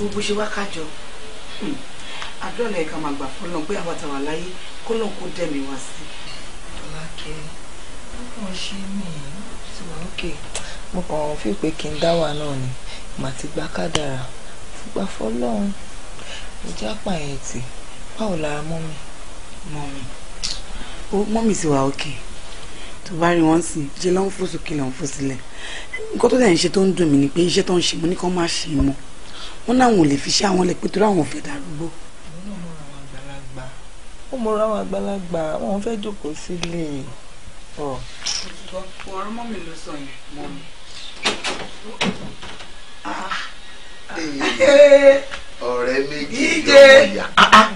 gbogbo ṣe wá kájọ hmm. àdúrà ẹ̀ka máa gbà fún lọ́n pé àwọn àtàwà láyé kó lọ́n kó dẹ̀mí wá sí. ọlákẹ́ wọ́n ṣe mí tí wọ́n kè mo kàn fi pé kí n dá wà náà ni màá ti gbà kádàrà gbà fọlọ́run ìjà pààyàn tì báwo lára mọ́ mi. mọ́ mi ó mọ́ mi sì wà òkè tó bá rí wọn sìn ṣe lọ́n fò sókè lọ́n fò sílẹ̀ nǹkan tó dẹ̀ ń ṣe tó ń dùn mí ni pé iṣẹ́ tó ń ṣe mo ní kó má ṣe mọ́ wọn náwọn ò lè fi ṣe àwọn lè pé torí àwọn ò fẹ́ darúgbó. ó mọra àwọn àgbàlagbà wọn fẹ́ jókòó sílé. ọ̀rọ̀ mọ́ mi ló sọ yẹn mọ́ mi. Ah. Ah. Eh. ọ̀rẹ́ méjì yóò yà ah,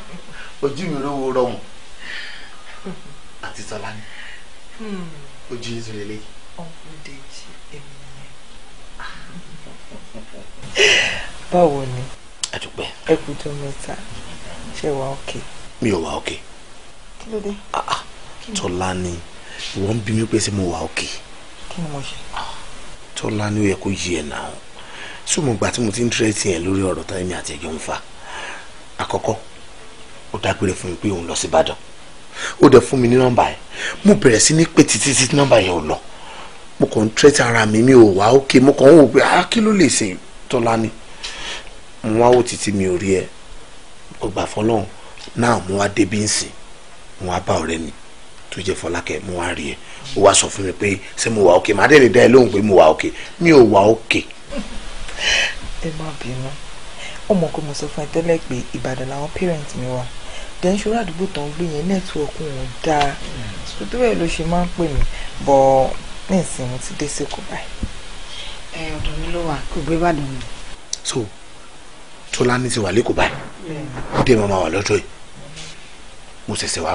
ojú mi ló wo rọrùn àti sọlá ni hmm. ojú yín sọlá eléyìí báwo ni àdúpẹ́ ẹ kú tó mẹ́ta ṣe wà òkè. mi ò wà òkè. kí ló dé. Ah, ah. tọ́lá ni wọ́n ń bí mi pé ṣé mo wà òkè. kí ni mo ṣe. Ah, tọ́lá ni ó yẹ kó yí ẹ̀ náà sọ mo gbà tí mo ti ń tírẹ́tì yẹn lórí ọ̀rọ̀ tán èmi àti ẹ̀jọ̀ ń fa àkọ́kọ́ ó dágbére fún mi pé òun lọ sí Ìbàdàn ó dẹ̀ fún mi ní nọ́mbà yẹn mo bẹ̀rẹ̀ sí ní pé títí títí nọ́mbà yẹn ò lọ mo kàn ń tírẹ́tì ara mi mi ò wá òkè mo kàn ń wò pé kí ló lè ṣe tọ́lá ni mo wá wò títí mi ò rí ẹ mo gbà fọlọ́run náà mo wá débi ń sìn mo wá bá ọ̀rẹ́ mi tó jẹ́ fọlákẹ́ mo wá rí ẹ ó wá sọ fún mi pé ṣé mo wà òkè màá dẹ̀ lè dá ẹ lóhùn pé mo wà òkè mi ò wà òkè. ẹ má bínú ó mọ̀ pé mo sọ fún ẹ tẹ́lẹ̀ pé ìbàdàn làwọn parent mi wà then ṣòro àdúgbò tó ń gbé yẹn nẹ́tíwọ̀kì wọn dáa sọtú bẹ́ẹ̀ ló ṣe máa ń pè mí bọ́ nísìnyí mo ti dé sí kò báyìí. ẹ ọ̀dọ̀ mi ló wà kò gbé ìbàdàn mi. so tọ́lání ti wà lẹ́kọ̀ọ́ báyìí ó dé màmá wa lọ́dọ̀ yìí mo ṣẹ̀ṣẹ̀ wá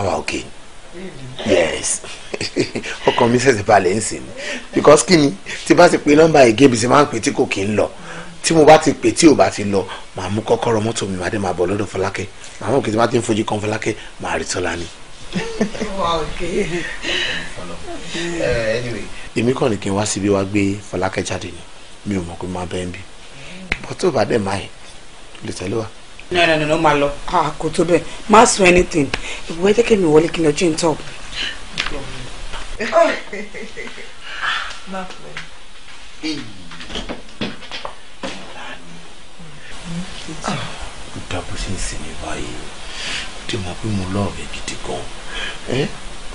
yes ọkàn mi ṣẹ̀ṣẹ̀ balẹ̀ because kí ni tí bá ti pe nọ́mbà yìí gébi ti máa ń pè tí kò kí ń lọ tí mo bá ti pè tí ò bá ti lọ màá mú kọ́kọ́rọ́ mọ́tò mi màá dé màá bọ̀ lọ́dọ̀ Fọlákẹ́ màá mọ̀ kí tí ti ń fojú kan Fọlákẹ́ màá rí tọ́lání. Eh, èmi kàn ní kí n wá síbi wá gbé Fọlákẹ́ jáde ni mi ò mọ̀ pé máa bẹ́ẹ̀ bí bọ́tò bá dẹ̀ máa yìí lè tẹ̀lé wa. no no no no máa lọ. a ah, kò tó bẹ́ẹ̀ má sùn anything ìbúwẹ́ jẹ́ kẹ́mi wọlé kí n lọ jí n tọ̀. ó dá bó ṣe ń sinmi báyìí ó dé mọ̀ pé mo lọ́ọ̀rẹ́ gidi gan-an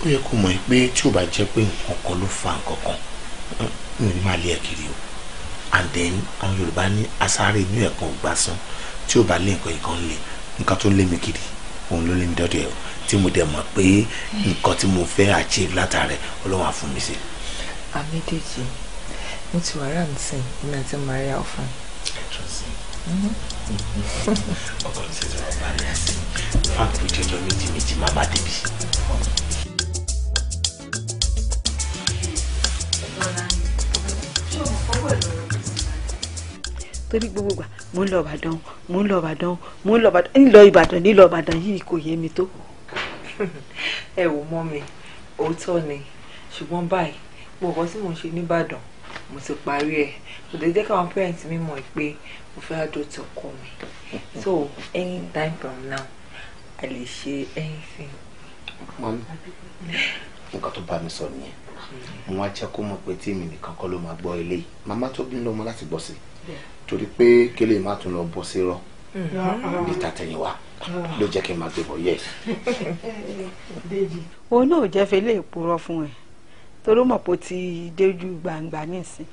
ó yẹ kó mọ̀ pé tí ò bá jẹ́ pé nǹkan kan ló fa nǹkan kan mi ò ní máa lé ẹ̀ kiri o and then àwọn Yorùbá ní asáré inú ẹ̀ kan ò tí ò bá lé nǹkan ìkan lé nǹkan tó lé mi kiri òun ló lé mi dọ́dọ̀ ẹ̀ tí mo dẹ̀ mọ̀ pé nǹkan tí mo fẹ́ achieve látàrẹ ọlọ́run á fún mi sí. àmì dèjì mo ti wà ráàmù sí i ní àti maria ọ̀fun. Mhm. ọkọ mi ṣe sọ̀rọ̀ bá rí àti fáàkì ìjọjọ méjì méjì má má débi. Thank you torí gbogbo gbà mo ń lọ Ìbàdàn mo ń lọ Ìbàdàn mo ń lọ Ìbàdàn nílọ Ìbàdàn nílọ Ìbàdàn yìí kò yé mi tó. ẹ wò mọ́ mi òótọ́ ni ṣùgbọ́n báyìí gbogbo tí mò ń ṣe nìbàdàn mo ti parí ẹ̀ kò dé jẹ́ káwọn parents mi mọ̀ pé mo fẹ́ adóòtú ọkọ mi so any time from now i lè ṣe anything. mọ́mí nǹkan tó bá mi sọ nìyẹn mo wá jẹ́ kó mọ̀ pé tí èmi nìkan kọ́ ló máa gbọ́ ilé màmá tó bí ń lọ́mọ láti gbọ́ sí i torí pé kélé má tún lọ bọ́ sí rọ mm-hmm. níta tẹ̀yìn wa ló jẹ́ kí n máa gbé bọ̀ yẹ. òun náà jẹ́ fẹ́ lè fún ẹ torí mọ̀ pé ó ti déjú gbangba nísìn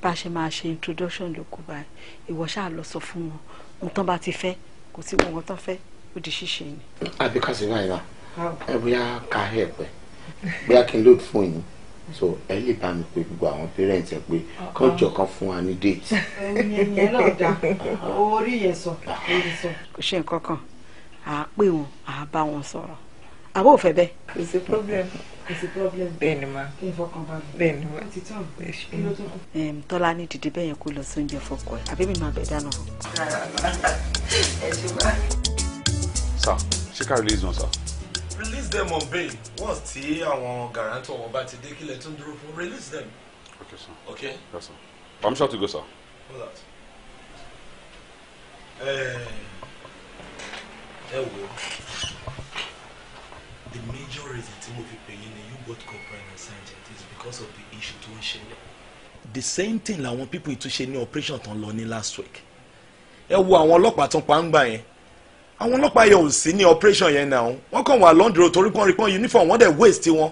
bá a ṣe máa ṣe introduction ló kú báyìí ìwọ ṣáà lọ sọ fún wọn ohun tán bá ti fẹ́ kò sí ohun tán fẹ́ ó di ṣíṣe ni. àbíkásí ah, náà ẹ bóyá ká ẹ pẹ bóyá kí n lóòdù fún yín so ẹ lè bá mi pé gbogbo àwọn parents ẹ pé ah, kọjọ ah. kan fún wa ní date. ìyẹn náà dá orí yẹn sọ orí ah. sọ. kò ṣe nǹkan kan à á pè wọn à á bá wọn sọ̀rọ̀ àbó ò fẹ́ bẹ́ẹ̀. kò sí problem kò sí problem. bẹ́ẹ̀ni ma bẹ́ẹ̀ni ma tọ́lá ní dìde bẹ́ẹ̀ yẹn kó lọ sí oúnjẹ fọkọ ẹ̀ àbí mi máa bẹ̀ dáná. sir ṣé ká release wọn sir release them on bail once tí àwọn guarantor wọn bá ti dé kílẹ̀ tó ń dúró fún release them. okay sir okay. yes sir i'm sure to go sir. hold out. Eh, ẹ wo the major reason tí mo fi pè yín ni you got comprehensive scientist is because of the issue to ń the same thing làwọn people ìtúnṣe ní operation on lọ last week ẹ wo àwọn ọlọ́pàá tó ń pa àwọn ọlọ́pàá yẹn ò sí ní operation yẹn náà wọ́n kàn wà lọ́ndìrò torí pọ́n rí pọ́n uniform wọ́n dẹ̀ waste wọn.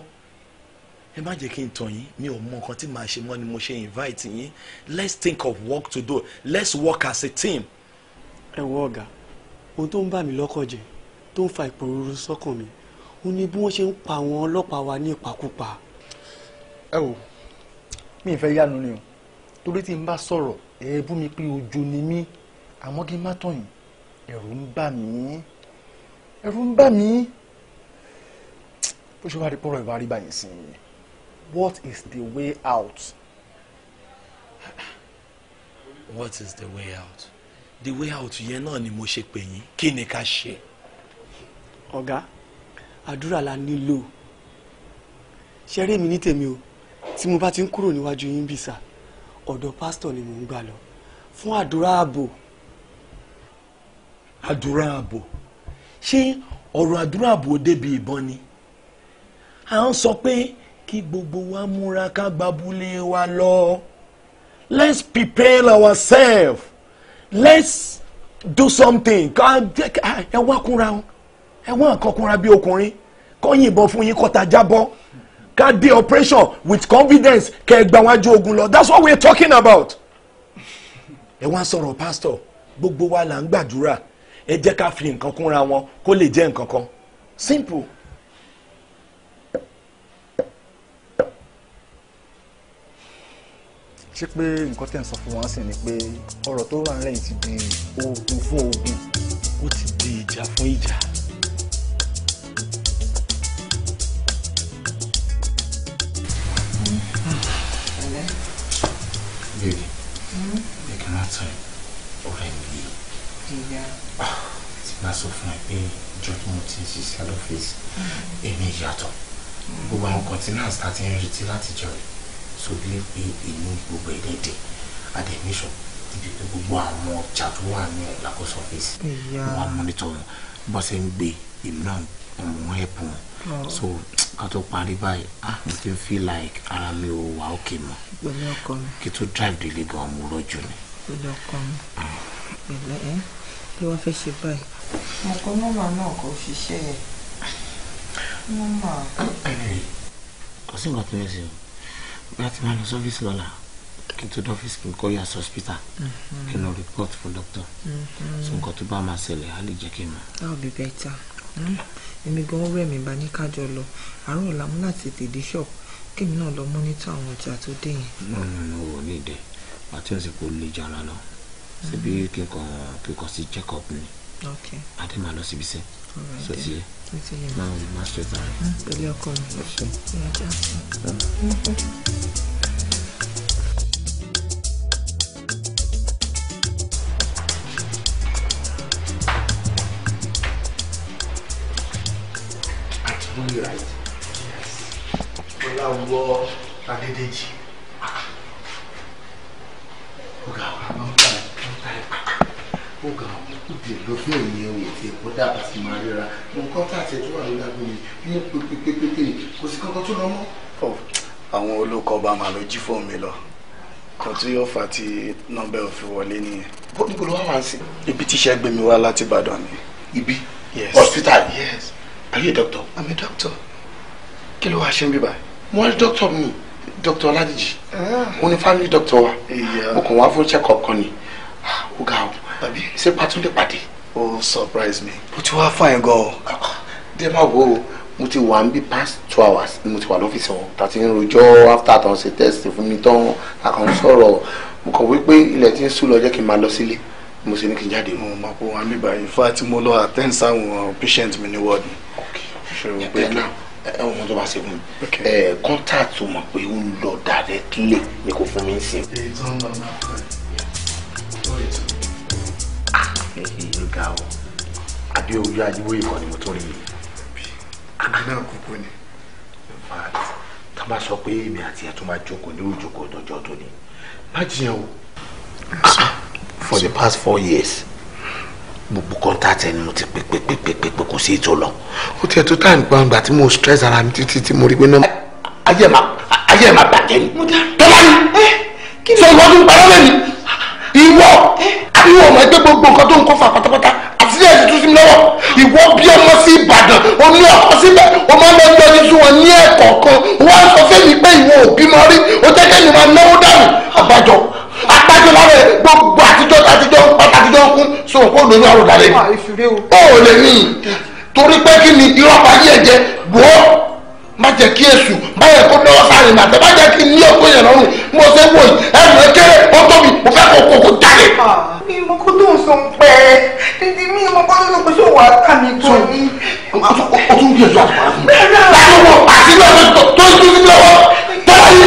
ẹ má jẹ́ kí n tàn yín mi ò mọ nǹkan tí màá ṣe mọ́ ni mo ṣe invite yín let's think of work to do let's work as a team. ẹ wò ọ̀gá ohun tó ń bà mí lọ́kàn jẹ́ tó ń fa ìpòrúurú sọ́kàn mi ó ní bí wọ́n ṣe ń pa àwọn ọlọ́pàá wa ní ìpakúpa. ẹ wò mi ì fẹ́ yánu ni o torí tí n bá sọ̀rọ̀ ẹ̀ẹ́bù mi pé ojo ni mí àmọ́ kí n má tọ̀yìn ẹ̀rù ń bà mí ẹ̀rù ń bà mí bó ṣe wá rí pọ́rọ̀ ìwà rí báyìí sí i what is the way out. what is the way out the way out yẹn náà ni mo ṣe pè yín kí ni ká ṣe. ọ̀gá àdúrà la nílò ṣe rí èmi ní tèmi o tí mo bá ti ń kúrò níwájú yín bìsà ọ̀dọ̀ pásítọ̀ ni mò ń gbà lọ fún àdúrà ààbò àdúrà ààbò ṣé ọ̀rọ̀ àdúrà ààbò débi ìbọn ni à ń sọ pé kí gbogbo wa múra ká gbabúlé wa lọ let's prepare ourselves let's do something ká ẹ wá kúnra ẹ wá nǹkan kúnra bí ọkùnrin kọ́ yìnbọn fún yín kọ́ta jábọ́ ká dé operation with confidence kẹ́ ẹ gba wájú ogun lọ that's what we're talking about. ẹ wá sọ̀rọ̀ pastor gbogbo wa là ń gbàdúrà ẹ jẹ́ ká fi nǹkan kúnra wọn kó lè jẹ́ nǹkan kan simple. ṣé pé nǹkan tẹ̀ ń sọ fún wọn sì ni pé ọ̀rọ̀ tó wà lẹ́yìn ti di ogun fún ogun ó ti di ìjà fún ìjà. Baby, mm -hmm. they cannot tell already nàìjíríà. tí bá sọ fún ẹ pé ìjọ tí mo ti ń ṣiṣẹ́ lọ́fíìsì hmm. èmi ìyàtọ̀ hmm. gbogbo àwọn continents ta ti ń retí láti jọ rẹ̀ so bí pé inú gbogbo ẹlẹ́dẹ̀ adẹ̀míṣọ̀ ibi pé gbogbo àwọn ọjà tó wà ní ìlàkóso ọ́fíìsì wọn mọ́nítọ̀ wọn bó ṣe ń gbé ìmúra ọmọ wọn oh. so ká tó parí báyìí ah mo ti ń feel like ara mi ò wà òkè mọ́ kí tó drive délé gan-an mo rọ́jò ni. pẹ̀lú ọkọ mi hmm. pẹ̀lú ẹ́. Eh? kí wọ́n fẹ́ ṣe báyìí. nǹkan nọ́mà náà kò ṣiṣẹ́ ẹ̀ nọ́mà. kò sí nǹkan tó yẹ sí o bí a ti máa lọ sọ́fíìsì lọ́la kí n tó dọ́fíìsì kí n kọ́ yà sọ́spítà mhm. kí n lọ rìpọ́tù fún dókítà mhm. so nǹkan tó bá máa ṣẹlẹ̀ á lè jẹ́ kí n mọ̀. that would be better hmm. èmi gan rẹ̀ mi bá ní kájọ lọ àárọ̀ ọ̀la mú láti tètè ṣọ́ọ̀bù kémi náà lọ mọ́nítọ̀ àwọn ọjà tó dé yẹn. no no no ò ní ìdẹ àti ọ̀sẹ̀ kò lè jara lọ ṣebí kí n kàn kí ni adé máa lọ síbi iṣẹ́ so ti yẹ máa máa ṣe tààrà. Ah, pẹ̀lú Right. Yes. Well, I will. I did it. ó ga ó di ìlọ́fẹ́ ìyẹn ò tí ẹ̀kọ́ dàbà sí máa ríra mo kọ́ tá àti ẹ̀tọ́ wà lórí agbo ní pépépépé kò sí kankan tó lọ mọ́. àwọn olóko ọba màá lọ jí fóònù mi lọ kan tí yóò fa ti nọ́mbà òfin wọlé nìyẹn. níbo ló wá wá sí. ibi tíṣẹ́ gbé mi wá láti Ìbàdàn ni. ibi hospital. yes. are you a doctor. i'm a doctor. kí ló wá ṣe ń bíbá. mo wá ní doctor mi doctor Ládìjì. ó ah. ní family doctor wa. mo kàn wá fún check up kan ni ó ga o ṣé pàtúndé pàdé. ó surprise me. mo ti wá fine gan o. díẹ̀ máa wo mo ti wà níbi past two hours ni mo ti wà lọ́fíìsì wọn tàti ń rojọ́ after àtàwọn ṣe test fún mi tán àkàn sọ̀rọ̀ mo kàn wí pé ilẹ̀ ti ń sùn lọ jẹ́ kí n máa lọ sílé mo sì in fact mo lọ attend sáwọn patient mi ní ward. ok ṣe o pé náà ẹ wọn tó bá ṣe fún mi ẹ contact mọ̀ pé ó ń lọ directly ni kò fún mi ń sìn. èyí tó ń lọ ojú ajíwó ìkan ni mo tún rí náà kúkú ni tá bá sọ pé èmi àti ẹ̀ tún máa jókòó ní òjòkó dọjọ́ tó ni má jiyàn o for the past four years gbogbo contact ẹni mo ti pè pè pè pè pè pè kò sí ètò lọ ó tiẹ̀ tó táà gbangba tí mo stress ara mi títí tí mo rí pé náà ayé ẹ̀ máa bàjẹ́ ni tó bá sọ ìwọ́n tó ń ìwọ eh? àbíwọ ọmọ ẹgbẹ́ gbogbo nǹkan tó ń kọ́ fà pátápátá àti ilé ẹ̀sìn tó sí mi lọ́wọ́ ìwọ bí ọmọ sí Ìbàdàn oní ọkọ síbẹ̀ o máa ń lọ yọjú sí wọn ní ẹ̀kọ́ kan wọ́n á sọ fẹ́mi pé ìwọ òbí máa rí o jẹ́ kẹ́ni máa náwó dànù àbájọ àbájọ lára ẹ̀ gbogbo àtijọ́ àtijọ́ àtijọ́ ń kún sí òun kó lóyún àròdàlẹ́ ah, o ò lè ní torí pé kí ni irọ́ pa yí má jẹ́ kí èṣù má yẹ kó lọ́wọ́ sáré màtẹ́ má jẹ́ kí n ní ọgbọ́n yẹn lọ́rùn mo ṣe wò yìí ẹnu kéré ó tóbi mo fẹ́ kó kókó jáde. Ah, mi mo kó tó ń sọ pẹ́ títí mi mo kọ́ ló kó sọ wà á kà mí tó ní. o tún gbé ìjọba fún mi. bẹ́ẹ̀ náà. láti wọ àti lọ́wọ́ tó ń tún sí lọ́wọ́ tó yí.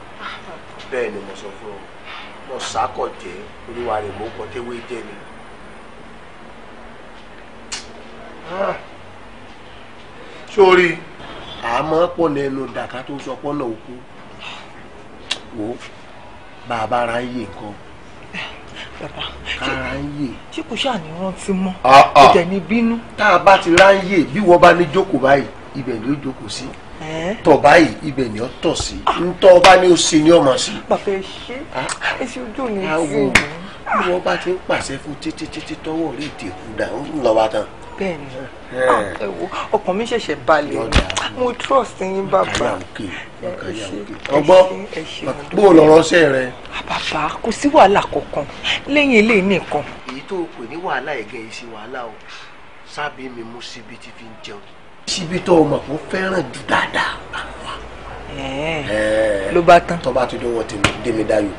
bẹ́ẹ̀ ni mo sọ fún ọ mo sákọ̀ jẹ́ olúwa rẹ̀ mo kọ́ tẹ́wé jẹ́ ni. Ah. sórí àmọ́ pọ̀ lẹ́nu dàkà tó sọ pọ́nà òkú wò bàbá ara ń yè nǹkan bàbá kára ń yè. ṣé kò ṣáà ní rántí mọ́ ah, ah. kò tẹ̀ ní bínú. tá a bá ti rá ń yè bí wọ́n bá ní jókòó báyìí ibẹ̀ ló jókòó sí. Si tọ̀ báyìí ibẹ̀ ni ó tọ̀ sí ntọ́ ọba ni ó ṣe ni ọmọ sí. bàbá ẹ ṣe é ah. ṣe ojú mi sí i. àwọn ọba ti ń pàṣẹ fún títí títí tọwọ́ rí ìdìkú dà ń lọ́ba tán bẹ́ẹ̀ ni ah, ẹ wo ọkàn mi ṣẹ̀ṣẹ̀ balẹ̀ mo trust yín bàbá ọgbọ́n bó o lọ́rọ́ ṣe rẹ. Ah, bàbá kò sí wàhálà kankan lẹ́yìn eléyìí nìkan. èyí tó o pè ní wàhálà ẹ̀gẹ́ yìí sí wàhálà o sábẹ́ mi mú síbi tí fi ń jẹun síbi tó o mọ̀ kó fẹ́ràn jù dáadáa àwọn. ló bá tán. tó bá ti dún wọn tèmi dáyò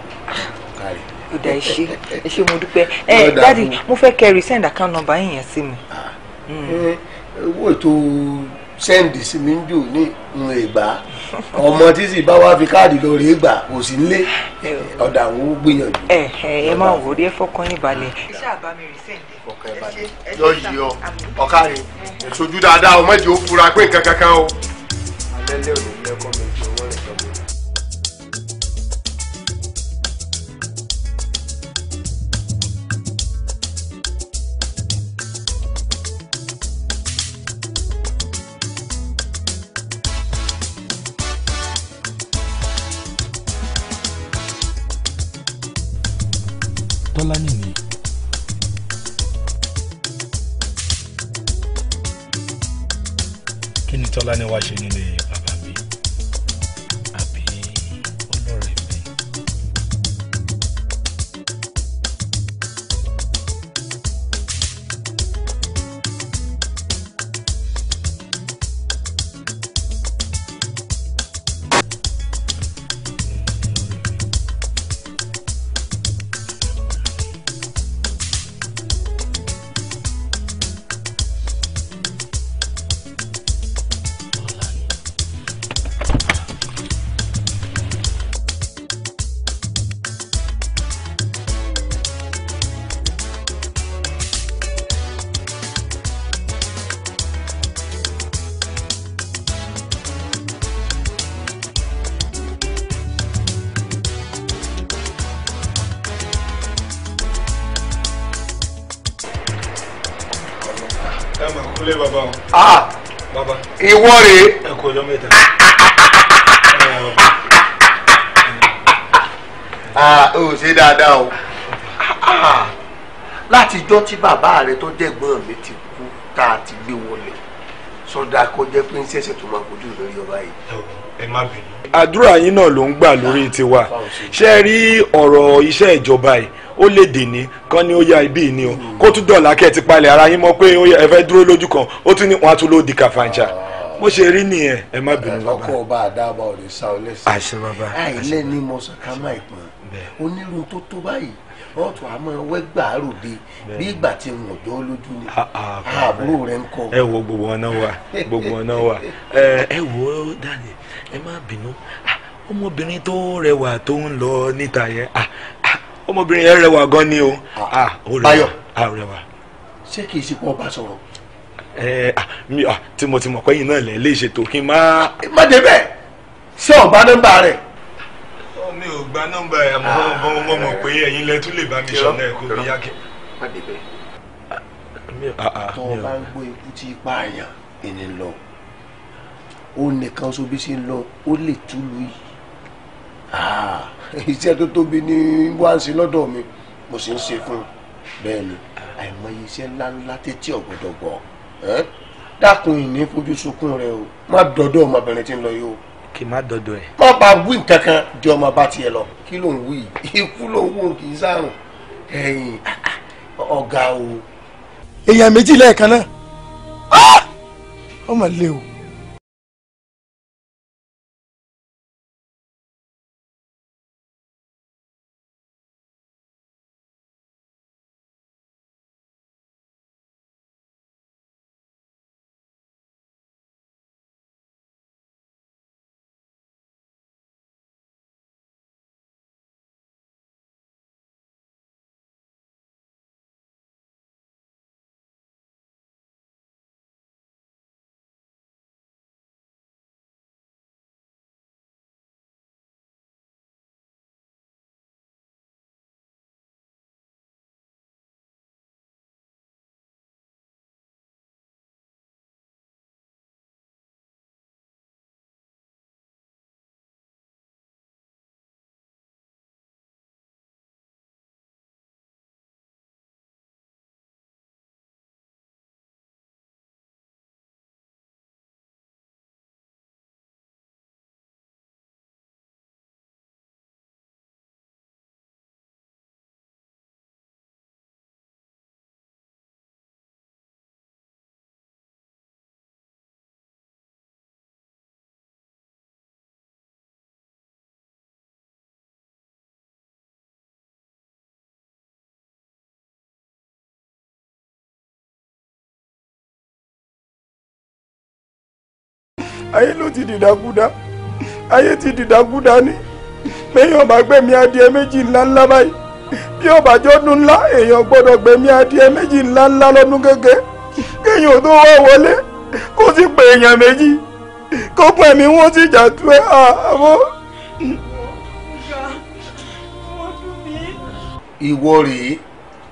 kárí. ìdá ìṣe ìṣe mo dúpẹ́ ẹ dáàdi mo fẹ́ kẹ́ resend account number yìí yẹn sí mi. Hmm. owó ètò send sí mi ń jò ní ìgbà ọmọ tí sì bá wá fi káàdì lórí ìgbà kò sí nílé ọ̀dà àwọn gbìyànjú. ẹ ẹ ẹ máa wò ó rí ẹ fọkàn yín balẹ̀. iṣẹ́ àbámi resend ọkọ ẹ balẹ̀ yọ yìí ọ ọkàrin èsojú dáadáa ọmọdé ó fura pé nǹkan kankan o alẹ́ lẹ́rù lẹ́kọ̀ọ́ mi. tọ́lá ni wàá ìwọ rèé. ẹ kò lọ mẹ́ta. ó ṣe dáadáa o láti ijọ́ tí bàbá rẹ tó jẹ́gbọ́n mi ti kú tá a ti gbé wọlé sọdá kó jẹ́ pé ń ṣẹ̀ṣẹ̀ tó máa kojú lórí ọba yìí. ẹ má bínú. àdúrà yín náà ló ń gbà lórí tiwa ṣe rí ọ̀rọ̀ iṣẹ́ ìjọba yìí ó lè dèní kan ní ó yá ibi ni o kó tún dọ̀là kẹ́ ẹ ti palẹ̀ ara yín mọ́ pé ẹ fẹ́ dúró lójú kan ó tún ní wọn á tún lóò di kàfàǹjà mo ṣe rí nìyẹn ẹ má bínú bàbá ọkọ ọba àdáàbà ọ̀rẹ́ sá ọ lẹ́sẹ̀ àṣẹ bàbá àìlẹ́ ní mọ̀sán ká má ìpọ́n onírun tó tó báyìí ọ̀tún àmọ́ wẹ́gbàáròde bí ìgbà tí wọ́n jọ lójú ni ah, ah, ah, àbúrò rẹ̀ ń kọ́. ẹ wo gbogbo ọ̀nà wa gbogbo ọ̀nà wa ẹ wo Daniel ẹ má bínú ọmọbìnrin tó rẹwà tó ń lọ níta yẹn ọmọbìnrin yẹn rẹwà gan ni o. Báyọ̀ ṣé kìí ṣe pé ọba sọ̀rọ̀ ẹ mi à tí mo ti mọ̀ pẹ́yìn náà lẹ̀ lè ṣètò kí n má. má dé ṣé o gba nọ́mbà rẹ̀. mi ò gba nọ́mbà ẹ̀ àmọ́ mo mọ̀ pé ẹ̀yin lẹ tún lè bá mi ṣọ̀nà ẹ̀ kó mi yá kí. má dé bẹ́ẹ̀. tó o bá ń gbọ́ ikú tí ipa àyàn ìní lọ ó nìkan so bí ṣe ń lọ ó lè túlù yìí ah, iṣẹ́ tó tóbi ní wá lọ́dọ̀ mi mo sì ń ṣe fún un bẹ́ẹ̀ ni àìmọye iṣẹ́ ńláńlá tẹ́tí ọ̀gbọ́dọ̀ dákun ìní fojú sunkún rẹ o má dọdọ ọmọbìnrin tí ń lọ yìí o. kì í má dọdọ ẹ. má bá wí nǹkan kan di ọmọ bá tiẹ̀ lọ kí ló ń wí ikú ló ń wò kì í sárùn ẹ̀yìn ọ̀gá o. èèyàn méjì lẹ́ẹ̀kan náà ọmọ lé o. ayé ló ti dìdàkudà ayé ti dìdàkudà ni péyàn bá gbẹ̀mí adìẹ méjì ńlá ńlá báyìí bí ọba jọdún ńlá èèyàn gbọ́dọ̀ gbẹ̀mí adìẹ méjì ńlá ńlá lọ́dún kéke kéèyàn tó wá wọlé kó sì pè èèyàn méjì kó pẹ̀mí wọn sì jà tú ẹ àbọ̀. ìwọ rèé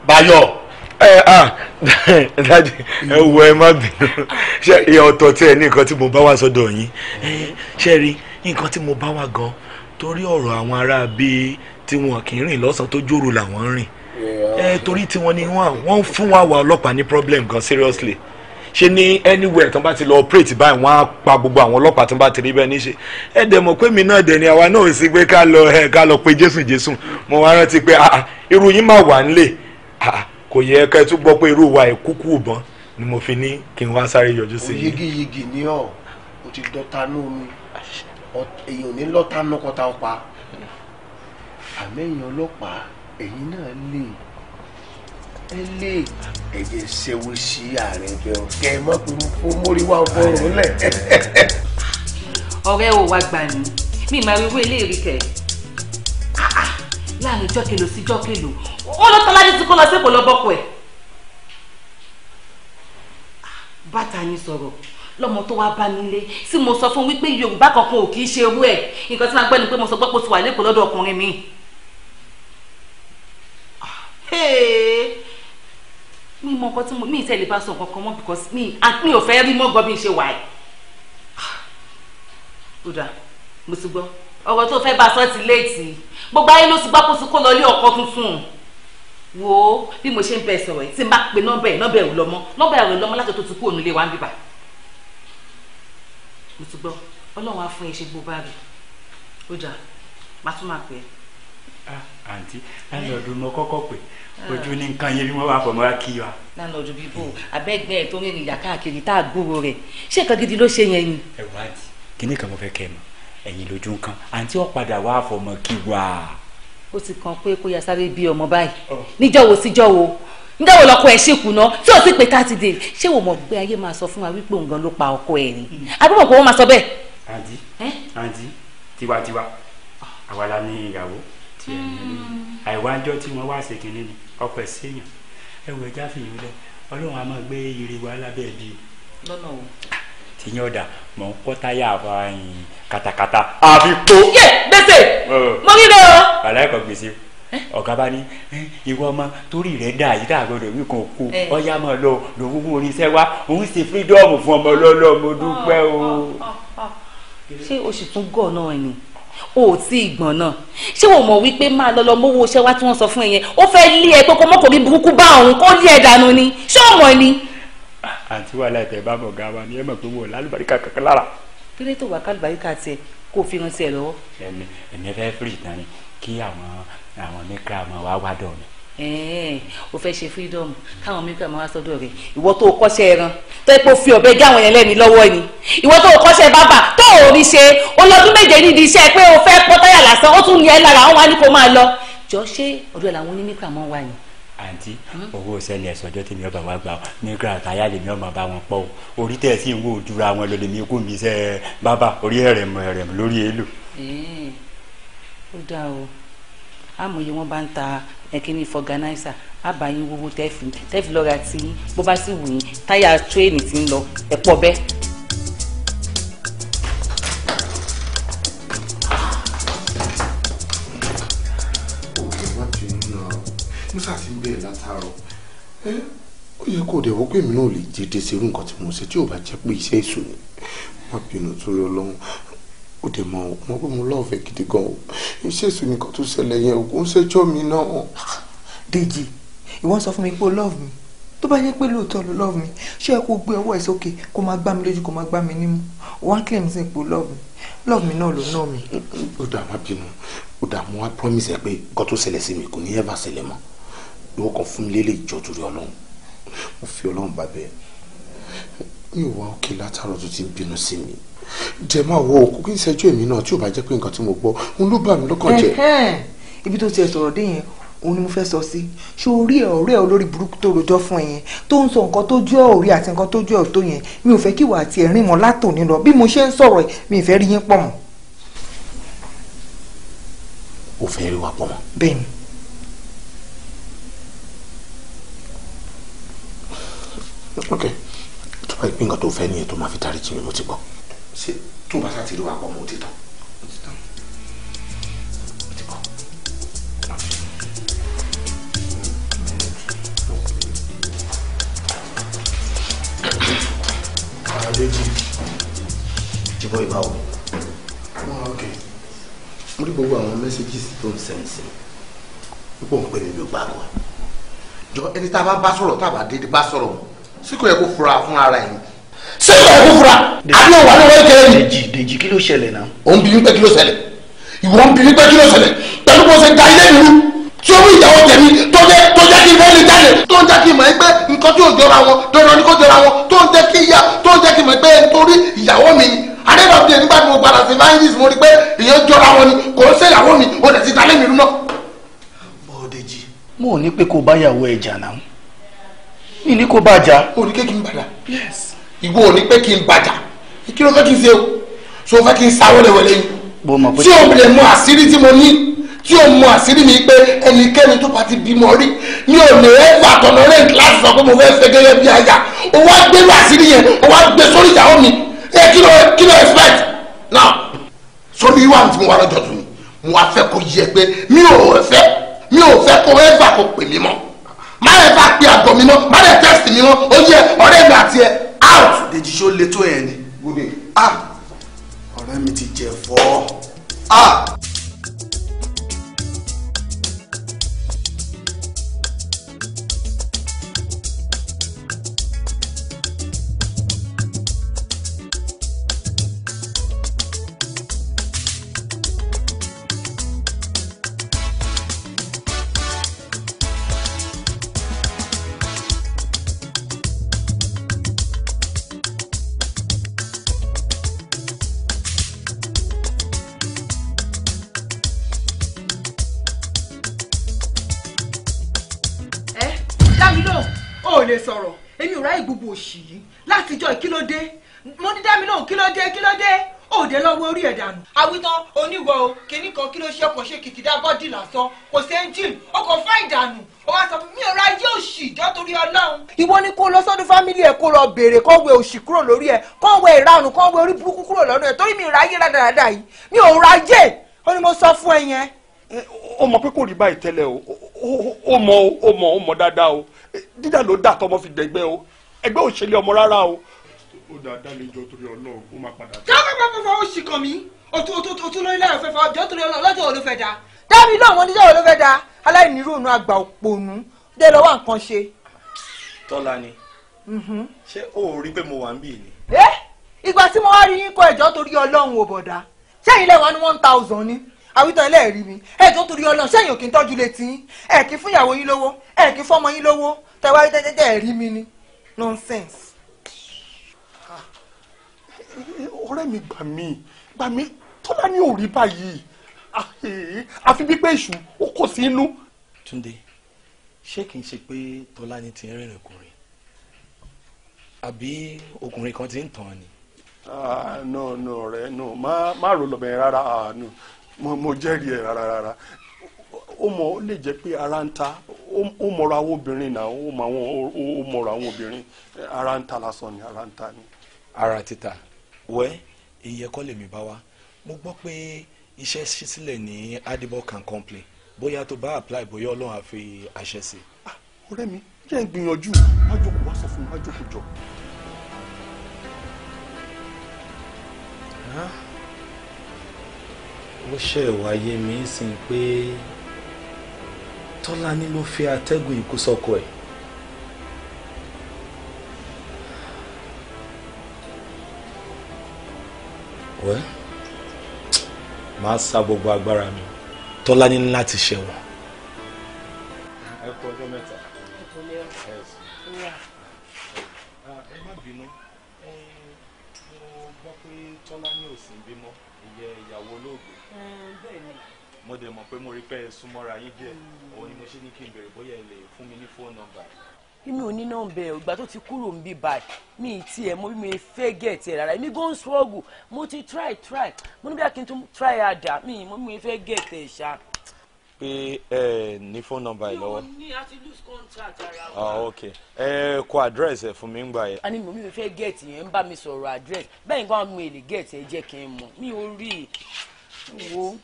Báyọ̀ ẹ ah dadi ẹ wọ ẹ má bínú ṣe ìyẹn ọ̀tọ̀ tí ẹ ní nǹkan tí mo bá wá sọ́dọ̀ yín ṣe rí nǹkan tí mo bá wá gan torí ọ̀rọ̀ àwọn ará bíi tí wọn kì í rìn lọ́sàn tó jòrò làwọn rìn ẹ torí tiwọn ni wọn ń fún wa wà ọlọ́pàá ní problem gan seriously ṣe ni anywhere tán bá ti lọ operate báyìí wọn á pa gbogbo àwọn ọlọ́pàá tán bá ti rí bẹ́ẹ̀ níṣe ẹ dẹ̀ mọ̀ pé mi náà dẹ̀ ni àwa náà sì pé ká lọ ká lọ pé jésù jésù mo wá rántí pé irú yín máa wà nílé kò yẹ ká ẹ tún gbọ́ pé irú wa ẹ̀ kúkú ìbọn ni mo fi ní kí n wá sáré yọjú sí i. yigi yigi ni ọ o ti dọta ní omi èyàn ò ní lọ́ta nọkọta ọpa àmẹ́yìn ọlọ́pàá ẹ̀yìn náà lè ẹ lè ẹ̀jẹ̀ ṣẹ́wó sí ààrẹ ẹgbẹ́ ọ̀kẹ́ mọ́ fún mórí wá fọ́ọ̀rùn lẹ̀. ọ̀rẹ́ ò gbà mí mi máa rí owó ilé ìrìkẹ́ láàrin jọ́kèlò sí jọ́kèlò ó ló tọ́lá ní ti kó lọ sí kò lọ bọ́kọ ẹ̀. bàtà yín sọ̀rọ̀ lọ́mọ tó wá bá mi lé tí mo sọ fún wípé yorùbá kankan ò kì í ṣe ewú ẹ̀ nǹkan tí máa gbẹ́ ni pé mo sọ gbọ́pọ̀ ti wà lẹ́kọ̀ọ́ lọ́dọ̀ ọkùnrin mi. mi mọ nǹkan tí mo mi ì tẹ́lẹ̀ bá sọ nǹkan kan mọ́ because mi mi ò fẹ́ rí mọ́ gan bí n ṣe wà ẹ̀. ó dáa mo ti gbọ́ ọ̀rọ̀ tó fẹ́ bá sọ ti léètì gbogbo ayé ló ti gbá kó ti kó lọ ilé ọkọ tuntun wo bí mo ṣe ń bẹ sọ̀rọ̀ yìí tí n bá pe nọ́mbà ẹ̀ nọ́mbà ẹ̀ ò lọ́mọ nọ́mbà ẹ̀ ò lọ́mọ látọ̀ tó ti kú òun ilé wa ń bíbà mo ti gbọ́ ọlọ́run á fún ẹ ṣe gbogbo bá rẹ̀ ó jà má tún máa pè é. Ah, àǹtí láńlọ́ọ̀dù mo kọ́kọ́ pè ojú ní nǹkan yẹn bí wọ́n wà pọ̀ mọ́ra kí wa. láńlọ́ọ̀dù bíbó abẹ́gbẹ́ ẹ̀ tó ń rìnrìn yà káàkiri tá a gbúrò rẹ̀ ṣé nǹkan gidi ló ṣe yẹn ni. ẹ wá di kíní kan mo fẹ́ kẹ́ ẹ mọ̀ ẹ̀yìn lójú nǹkan àǹtí ó padà wá fọmọ kí wa. ó ti kàn pé kó yá sáré bí ọmọ báyìí níjọ́ wo síjọ́ wo nígbà wo lọkọ ẹ ṣèkù ná tí o ti pè thirty days ṣé wo mọ̀ gbé ayé máa sọ fún wa wípé òun gan ló pa ọkọ ẹ ni hmm. àbí mọ̀ pé wọ́n máa sọ bẹ́ẹ̀. àǹtí àǹtí tiwantiwa àwa la ní ìyàwó tí ẹ ní hmm. àìwájọ tí wọ́n wá ṣe kínní ni ọkọ ẹ séèyàn ẹ wọ ẹja fìyàn lẹ Ọlọ́run a máa gbé ire wa lábẹ́ ẹbí lọ́nà wo tí da ọ̀dà mọ̀ ń kọ́ táyà katakata àfi kó. yé gbèsè mo rí rẹ o. bàlá ẹ̀kọ́ gbèsè ọ̀gá bá ní eh, ìwọ ọmọ torí rẹ̀ dà yìí dàgbọ́dọ̀ wí kan kú eh. ọ̀yá máa lọ lòun mú oníṣẹ́ wá òun ṣe fírídọ́ọ̀mù fún ọmọ ọlọ́lọ́ mo dúpẹ́ o. ṣé o sì tún gọ̀ náà ni o ò tí ì gbọ̀n náà ṣé o mọ̀ wípé máa lọ lọ mówó iṣẹ́ wá tí wọ́n sọ fún ẹ yẹn ó fẹ́ lé ẹ pé kọ́mọ́kọ́ bí burúkú bá òun kó lé ẹ dànù ni ṣé o mọ̀ ni àti wàhálà ìtẹ̀ bá mọ̀ gan wa ni ẹ mọ̀ pé wọn ò lálùbáríkà kankan lára. kílẹ̀ tó wà kálùbáríkà tiẹ̀ kó fi hàn tiẹ̀ lọ́wọ́. ẹ̀mí ẹ̀mí fẹ́ fìrì tán ni kí àwọn àwọn mẹ́kà máa wá wá dọ̀ mi. ẹ̀ẹ́n o fẹ́ ṣe freedom káwọn mẹ́kà máa wá sọ́dọ̀ rẹ̀ ìwọ tó kọ́ṣẹ́ ẹran tó epo fi ọ̀bẹ gé àwọn yẹn lẹ́ni lọ́wọ́ ni ìwọ tó kọ́ṣẹ́ bàbà tó ò rí ṣe olọ́dún méje nídìí iṣẹ́ pé o fẹ́ pọ́ táyà lásán ó tún ní ẹ lára àwọn wa ní kó máa lọ jọ ṣé ọ̀dọ̀ làwọn onímẹ́kà máa wà ní àǹtí hmm? owó sẹ́ni ẹ̀sọ́ ọjọ́ tèmi ọba wa gbà ọ́ ní grand aya lèmi ọmọ bá wọn pọ̀ orí tẹ̀ sí ìwọ òjúra wọn lọ lèmi kú mi sẹ́ bàbá orí ẹ̀rẹ̀mọ ẹ̀rẹ̀mọ lórí èlò. ó dáa o amòye wọn bá ń ta ẹkíní fọganáísà àbáyé wọ́wọ́ tẹ́fì tẹ́fì lọ́ra tí bó bá sì wù yín táyà tírẹ́ẹ̀nì ti ń lọ ẹ̀pọ̀ bẹ́ẹ̀. díẹ̀ látàárọ̀ ẹ ó yẹ kó dẹ̀ wọ́n pé mi náà lè jẹ́dé serú nǹkan tí mo ṣe tí ò bá jẹ́ pé iṣẹ́ èṣù ni má bínú tó yọ lọ́hùn ó dẹ̀ mọ ọ mọ pé mo lọ́ọ̀fẹ́ gidi gan o iṣẹ́ èṣù nìkan tó ṣẹlẹ̀ yẹn ò kún ṣẹ́jọ́ mi náà. Dèjì ìwọ sọ fún mi pé o love me. tó bá yẹ pé lóòótọ́ ló love me. ṣé ẹ kó gbé ọwọ́ ẹ sókè kó máa gbá mi lójú kó máa gbá mi nímú one claim sí ipò love me, love me náà ló ná mi. ó dààmú abínú ó dààmú wa promise ẹ pé nǹkan tó ṣẹlẹ̀ sí mi kò ní ẹ bá ṣẹlẹ̀ mọ́ ìwọ kan fún mi lélẹ̀ ìjọ torí ọlọ́run mo fi ọlọ́run bá bẹ́ẹ̀ mi ò wá òkè látàárọ̀ tó ti bínú sí mi jẹ máa wo òkú kí n ṣẹjú èmi náà tí ò bá jẹ́ pé nǹkan tí mo gbọ́ òun ló bà mí lọ́kàn jẹ́. ibi tó tiẹ̀ sọ̀rọ̀ dé yẹn òun ni mo fẹ́ sọ sí ṣé o ẹ̀ ọ̀rẹ́ ẹ̀ olórí burúkú tó rojọ́ fún ẹ yẹn tó ń sọ nǹkan tó jẹ́ òrí àti nǹkan tó jẹ́ ọ̀tọ̀ yẹn mi ò fẹ́ kí ìwà àti ẹ̀rín mọ́ látòní lọ bí mo ṣe ń sọ̀rọ̀ mi ì fẹ́ rí yín pọ̀ mọ́. o fẹ́ rí wa pọ̀ mọ́. bẹ́ẹ̀ ok tó bá ìpín nǹkan tó fẹ́ nìyẹn tó máa fi dáríjì mi mo ti gbọ́. ṣé tó bá sá ti rí wa pọ̀ mọ́ ó jibọ ìbáwò. Wọ́n ok. Mo rí gbogbo àwọn messages tó ń sẹ́ǹsì. Púpọ̀ ń pè mí ló gbàgbọ́. Jọ ẹni tá a bá bá sọ̀rọ̀ tá a bá dédé bá sọ̀rọ̀ mọ́ sí kò yẹ kó fura fún ara ẹ̀ sí kò yẹ kó fura àbí òwà ni wọ́n kéré ni. dèjì dèjì kí ló ṣẹlẹ̀ náà. ó ń bi wípé kí ló ṣẹlẹ̀ ìwọ ń bi wípé kí ló ṣẹlẹ̀ pẹ̀lú bó ṣe da ilé mi rú tí ó mú ìyàwó tẹ̀mí tó jẹ́ tó jẹ́ kí ìbọn lè jáde tó ń jẹ́ kí ìmọ̀ ẹgbẹ́ nǹkan tí ò jọra wọn dandan ni kò jọra wọn tó ń jẹ́ kí ìyá tó ń jẹ́ kí ìmọ̀ ẹgbẹ́ nítorí ìyàwó mi adébàbí nígbà tí mo padà sí vines mo rí pé ìyẹn jọra wọn ni kò ń ṣe mi ò dẹ̀ ti dalé mi rú náà. mo ò ní pé kó báyàwó ẹ̀ jà náà ìní kò bàjá. o ní pé kí n bàjá. yes. ìwọ ò ní pé kí n bàjá kí ló fẹ́ kí n ṣe o so fẹ́ kí n sa wẹ́lẹ́wẹ́lẹ́ yìí. bó o mọ̀ pé tí o lè mọ àṣírí tí mo ní tí o mọ àṣírí mi pé ẹnikẹ́ni tó bá ti bímọ rí mi ò lè ẹ́ fà tọ̀nà rẹ̀ láti sọ pé mo fẹ́ fẹ́ gẹ́gẹ́ bí aya o wá gbé àṣírí yẹn o wá gbé sórí ìyàwó mi ẹ kí ló kí ló expect now sórí wà tí mo wà lọ́jọ́ tó ni mo wá fẹ́ kó yẹ pé mi ò fẹ́ mi ò fẹ́ kó ẹ́ fà kó pè mí mọ́ má lè bá pe àgọ́ mi mọ́ má lè tẹ́sítì mi mọ́ ó ọ̀rẹ́ mi àti ẹ out. dèjì ṣó le tó yẹn ni. gúdè. ah ọ̀rẹ́ mi ti jẹ̀ fọ́. ah. ló dé kí ló dé òde lọ́wọ́ orí ẹ̀ dànù. àwítán oníwọ̀ o kìíní kan kí ló ṣe ọkọ̀ ṣe kìkìdá bọ́dì lásán kò sí ẹ́ńjìn ọkọ̀ fáìn dànù ó wá sọ fún mi ọ̀rọ̀ ayé òṣì jọ́ torí ọlọ́run. ìwọ ni kó lọ sọ́dún fámílì ẹ̀ kó lọ béèrè kó wẹ òṣì kúrò lórí ẹ̀ kó wẹ ìranù kó wẹ orí burúkú kúrò lọ́nà ẹ̀ torí mi ìrọ̀ ayé rádaràdà yìí mi ò rọ ayé ó ní mo sọ fún ẹ yẹn. ó mọ̀ pé kò rí báyìí tẹ́lẹ̀ o ó mọ̀ ó mọ̀ ó dáa dálejò torí ọlọ́run ó máa padà. jáwé pàpàpà ó ṣì kàn mí òtún òtún òtún lórí láyọ̀ fẹ́fà ọjọ́ torí ọlọ́run lọ́jọ́ wo ló fẹ́ da dábì náà wọn níjọ́ wo ló fẹ́ da aláìníròònù àgbà òpònú dé lọ́wọ́ nǹkan ṣe. tọ́lá ni mhm. ṣé o ò rí pé mo wà ń bì ni. ẹ ìgbà tí mo wá rí yín kọ ẹjọ́ torí ọlọ́run ò bọ̀dá ṣẹ́yìn lẹ́wọ̀n ní one thousand ni àwítọ́ ilé ẹ̀rí mi ẹ̀jọ́ torí ọlọ́run sẹ́yìn òkè ń tọ́jú létí yín ẹ̀ kí fún ìyàwó yín lówó ẹ̀ kí fún ọmọ yín lówó tẹ̀wá tẹ́tẹ́tẹ́ ẹ̀rí mi ni nonsense ọ̀rẹ́ mi gbà mí gbà mí tọ́lá ní òrí báyìí ah, eh, àfi bí pé èṣù ó kò sí inú. Túndé ṣé kìí ṣe pé tọ́lá ni ti rìnrìn ọkùnrin àbí ọkùnrin kan ti ń tàn án ni. Ah, no no ọ̀rẹ́ no má rò lọ́bẹ̀ rárá ah, mo jẹ́rìí ẹ̀ rárá rárá ó mọ ó lè jẹ́ pé ara ń ta ó mọ̀rọ̀ àwọn obìnrin náà ó mọ̀rọ̀ àwọn obìnrin ara ń ta lásán ni ara ń ta ni. ara títa wẹ́ iye ẹ̀kọ́ lèmi bá wa mo gbọ́ pé iṣẹ́ ṣí sílẹ̀ ní Adibor can company bóyá tó bá apply bóyá ọlọ́run á fi àṣẹ sí. Ah, ọ̀rẹ́ mi jẹ́ ń gbìyànjú májókòó wá sọ fún mi májókòó jọ. ó ṣe wáyé mi sí pé Tọ́lání ló fi atẹ́gùn ìkúsọ́kọ ẹ̀. wẹ́ máa sa gbogbo agbára mi tọ́lá ní láti ṣẹ̀wọ̀n. ẹ kú ọjọ́ mẹ́ta. ẹ má bínú mo gbọ́ pé tọ́lá ní òsì ń bímọ ìyẹ ìyàwó olóògbé. mo dẹ̀ mọ̀ pé mo rí pé ẹ súnmọ́ra yín díẹ̀ òun ni mo ṣe ní kí n béèrè bóyá ẹ lè fún mi ní fóònù nọ́mbà èmi ò ní nọ́mbẹ̀ ìgbà tó ti kúrò ń báyìí mi ì tiẹ̀ mo bí mi fẹ́ gẹ̀ẹ́tì ẹ̀ rárá èmi gan struggle mo ti try try mo níbi akin tó try àdá mi mo bí mi fẹ́ gẹ̀ẹ́tì ẹ̀ ṣá. pé ẹ ní phone number yìí lọ́wọ́. mi ò ní àti lose contact ara wa. Ah, ok ẹ kọ address ẹ fún mi ń yẹn. a mo bí mi fẹ́ gẹ̀ẹ́tì yẹn ń bá mi sọ̀rọ̀ address bẹ́ẹ̀ ni báwọn mi lè gẹ̀ẹ́tì ẹ jẹ́ kí n mọ̀ mi ò rí i wo